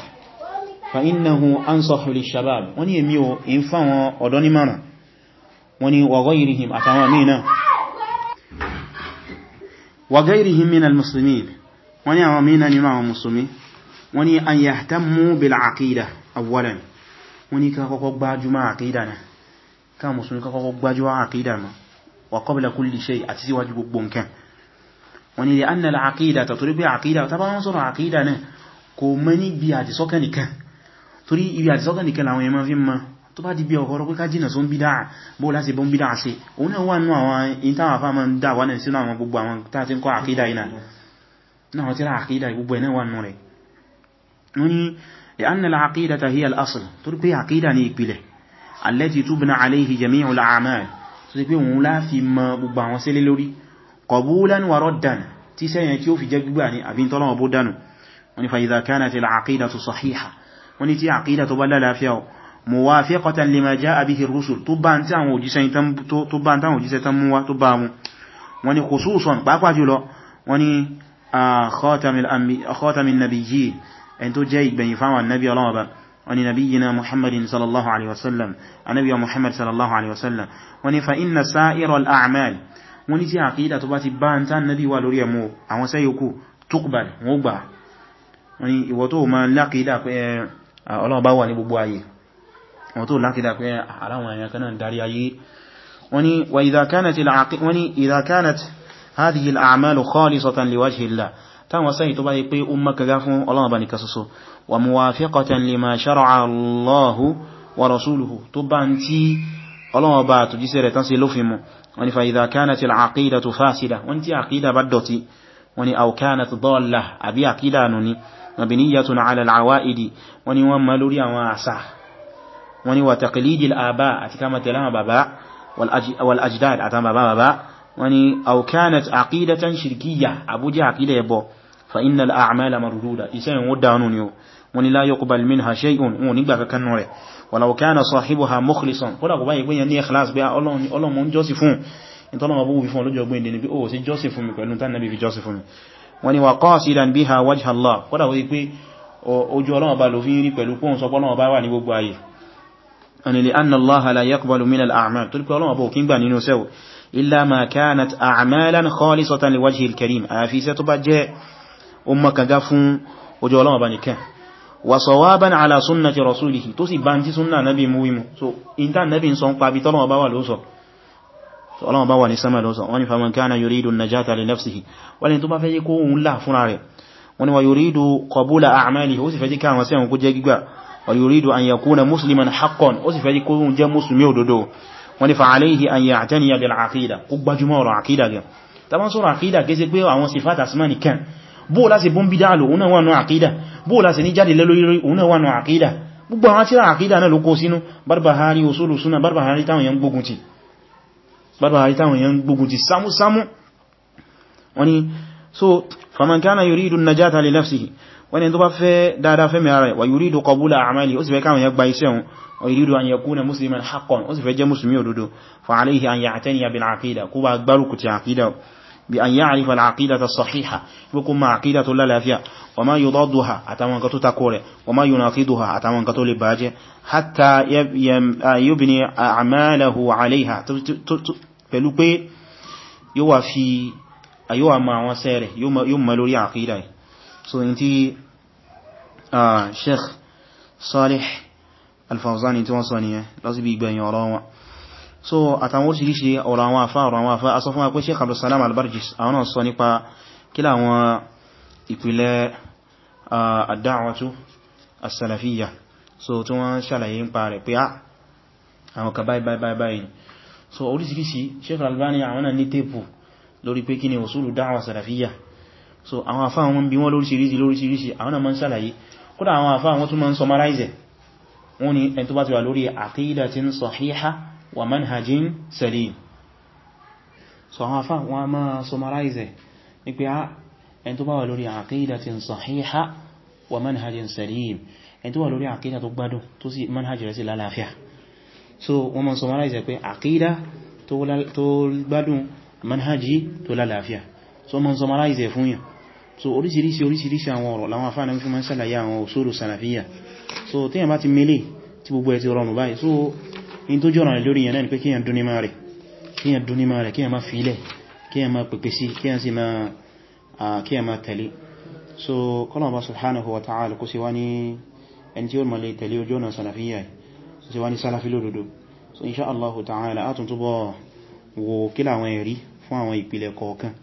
fa innahu ansahu li shabab wọ́n ní wọ́n ní wa ghayrihim àtàwọn míì náà wa ní káwọn mùsùlùmí kọ́kọ́ gbájú àkídà ma wà qabla kulli shay àti síwájú gbogbo nǹkan wọ́n ni anna al-aqida torí pé àkídà tàbá wọ́n sọ̀rọ̀ àkídà náà kò mọ́ ní bí àdìsọ́kàn nìkan torí ibi àdìsọ́kàn nìkan làwọn èèyàn fi mọ́ tó bá di bí ọ̀rọ̀ pé ká jìnà só ń bídá bó láti bó ń bídá sí òun náà wà nínú àwọn ìtàwà fáwọn alẹ́tì túbìnà aléhì jami'u al'amal tó sì pé òun láfi mọ gbogbo àwọn sílé lórí qabulan wa raddan tí sẹ́yìn tí ó fi jẹ́ gbígbà ní àbí tọ́lọ́wọ́ bó dánù wọ́n ni fa idha kanat al-aqidatu sahiha wọ́n ni tí àkídà tó bá lálàáfíà muwafiqatan lima ja'a bihi ar-rusul tó bá ń táwọn òjíṣẹ́ tán múwá tó bá ah, mú عن نبينا محمد صلى الله عليه وسلم عن نبي محمد صلى الله عليه وسلم وني فإن سائر الأعمال وني تي عقيدة تباتي بانتا النبي والوريا مو عوان سيكو تقبل وقبع وني وطو ما لاقيدة الله باواني ببواي وطو لاقيدة علاوان يكنا دارياي وني وإذا كانت, العقي... وني إذا كانت هذه الأعمال خالصة لوجه الله táwọn sẹ́yìn tó bá yí pé ó mọ́kàgá fún ọlọ́wọ́ bá ní kasoso wà muwafiqatan lima shara'a Allahu wa rasuluhu tó bá ń tí ọlọ́wọ́ bá tó jíṣẹ́ rẹ̀ tán sí lófin mu wọ́n ni fa idha kanat al-aqidatu fasida wọ́n tí àkídà bá dọ̀tí wọ́n ni aw kanat dalla àbí àkídà nù ni mabniyatun ala al-awa'idi wọ́n ni àwọn àṣà wọ́n wa taqlidi al-aba àti kama tẹ̀lá bàbá wal ajdad àtàbàbà bàbá wọ́n ni aw kanat aqidatan shirkiyya àbújá àkídà ẹbọ fa inna al-a'mala marduda iṣẹ́ yẹn wọ́n dánú ni o wọ́n ni la yuqbal minha shay'un wọn nígbà kankan nù rẹ̀ walau kana sahibuha mukhlisan kódà kò báyìí gbìyàn ní ikhlas bí ọlọ́mọ ń jọ́sì fún ìtọ́lọ́mọ bó wù fún ọlọ́jọ́ gbé ìdẹni bí ó sì jọ́sì fún mi pẹ̀lú tán nàbí fi jọ́sì fún mi wọ́n ni wa qasidan biha wajha Allah kódà kò pé ojú ọlọ́mọ bá lò fi rí pẹ̀lú pọ́n sọ pọ́lọ́mọ bá wà ní gbogbo ayé ani li anna Allah la yaqbalu min al-a'mal tó pé ọlọ́mọ bó kí ń gbà nínú sẹ́wọ̀ illa ma kanat a'malan khalisatan li wajhi al-karim àfi iṣẹ́ tó bá jẹ́ ó mọ́ kanga fún ojú ọlọ́wọ́ bá nìkan wa sawaban ala sunnati rasulihi tó sì bá ń tí súnnà nabi mú wímú so ìta nabi ń sọ ń pa bí tọ́lọ́wọ́ bá wà lóòsọ̀ ọlọ́wọ́ bá wà ní sánmà lóòsọ̀ wọ́n ni faman kana yuridu najata li nafsihi wọ́n ni tó bá fẹ́ yí kó ń là fúnra rẹ̀ wọ́n ni wa yuridu qabula a'malihi ó sì fẹ́ jí káwọn sẹ́wọ̀n kó jẹ́ gbígbà wa an yakuna musliman bil aqida kó gbajúmọ̀ aqida gẹ̀ ta bá ń sọ̀rọ̀ aqida kése pé àwọn sifat asmani kan bó láti bó ń bídá lò òun náà wà náà àkídà bó láti ní jáde lẹ́lórí òun náà wà náà àkídà gbogbo àwọn tíra àkídà náà ló kó sínú Barbahari usulu sunna Barbahari táwọn yẹn gbógun ti Barbahari táwọn yẹn gbógun ti sámúsámú wani so faman kana yuridu najata li nafsihi wani tó bá fẹ́ dáadáa fẹ́ mi ara rẹ̀ wa yuridu qabula a'mali ó sì fẹ́ káwọn yẹn gba iṣẹ́ wọn wa yuridu an yakuna musliman haqqan ó sì fẹ́ jẹ́ musulmi òdodo fa alayhi an ya'taniya bil aqida kó bá gbárùkù ti aqida بأن يعرف العقيدة الصحيحة يكون ما عقيدة الله لفيا وما يضادها أتمنى قطو تقوري وما يناقضها أتمنى قطو لباجي حتى آه، يبني أعماله عليها فلوكي يوى في أيوى ما وسيره يوم ملولي عقيدة سو انتي آه، شيخ صالح الفوزان انتوى صانية لازم يبني أراوه so àtàwọn oríṣiríṣi ọ̀rọ̀ àwọn àfá ọ̀rọ̀ àwọn àfá asọ fún apẹ́ Sheikh Abdul Salam Al-Barjis àwọn náà sọ nípa kí láwọn ìpìlẹ̀ ad-da'watu so tí wọ́n ṣàlàyé ń pa rẹ̀ pé á ah, àwọn kà báyìí báyìí báyìí so oríṣiríṣi Sheikh Al-Albani àwọn náà ní tèpù lórí pé kí ni so àwọn àfá wọn bí wọ́n lóríṣiríṣi lóríṣiríṣi àwọn náà máa ń ṣàlàyé kódà àwọn àfá wọn tún máa ń summarize wọ́n ni ẹni wa manhajin salim so àwọn afá wọn máa summarize ní pé ah, ẹni tó bá wà lórí aqidatin sahiha wa manhajin salim ẹni tó wà lórí aqida tó gbádùn tó sì manhaj rẹ̀ sí lálàáfíà so wọ́n máa summarize pé aqida tó gbádùn manhaji tó lálàáfíà so máa summarize fún yàn so oríṣiríṣi oríṣiríṣi àwọn ọ̀rọ̀ làwọn afá náà fi máa ń sàlàyé àwọn usulu salafiyya so téèyàn bá ti mele tí gbogbo ẹ̀ ti rọrùn báyìí so in tó jọ́ràn lórí yẹn ni pé kíyàn dún ní máa rẹ̀ kíyàn dún ní máa rẹ̀ kíyàn máa fi kíyàn máa pèpè sí kíyàn sí kíyàn máa tẹ̀lé so kọ́lọ̀bá subhanahu wa ta'ala kó sí wá ní ẹni tí ó mọ̀ lè tẹ̀lé ojú ọ̀nà sàlàfíyà sí wá ní salafi lódodo so insha Allah ta'ala a tún túbọ̀ wo kílà àwọn ẹ̀rí fún àwọn ìpìlẹ̀ kọ̀ọ̀kan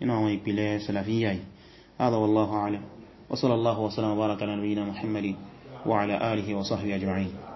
nínú àwọn ìpìlẹ̀ salafiyya yìí هذا والله أعلم وصلى الله وسلم وبارك على نبينا محمد وعلى آله وصحبه أجمعين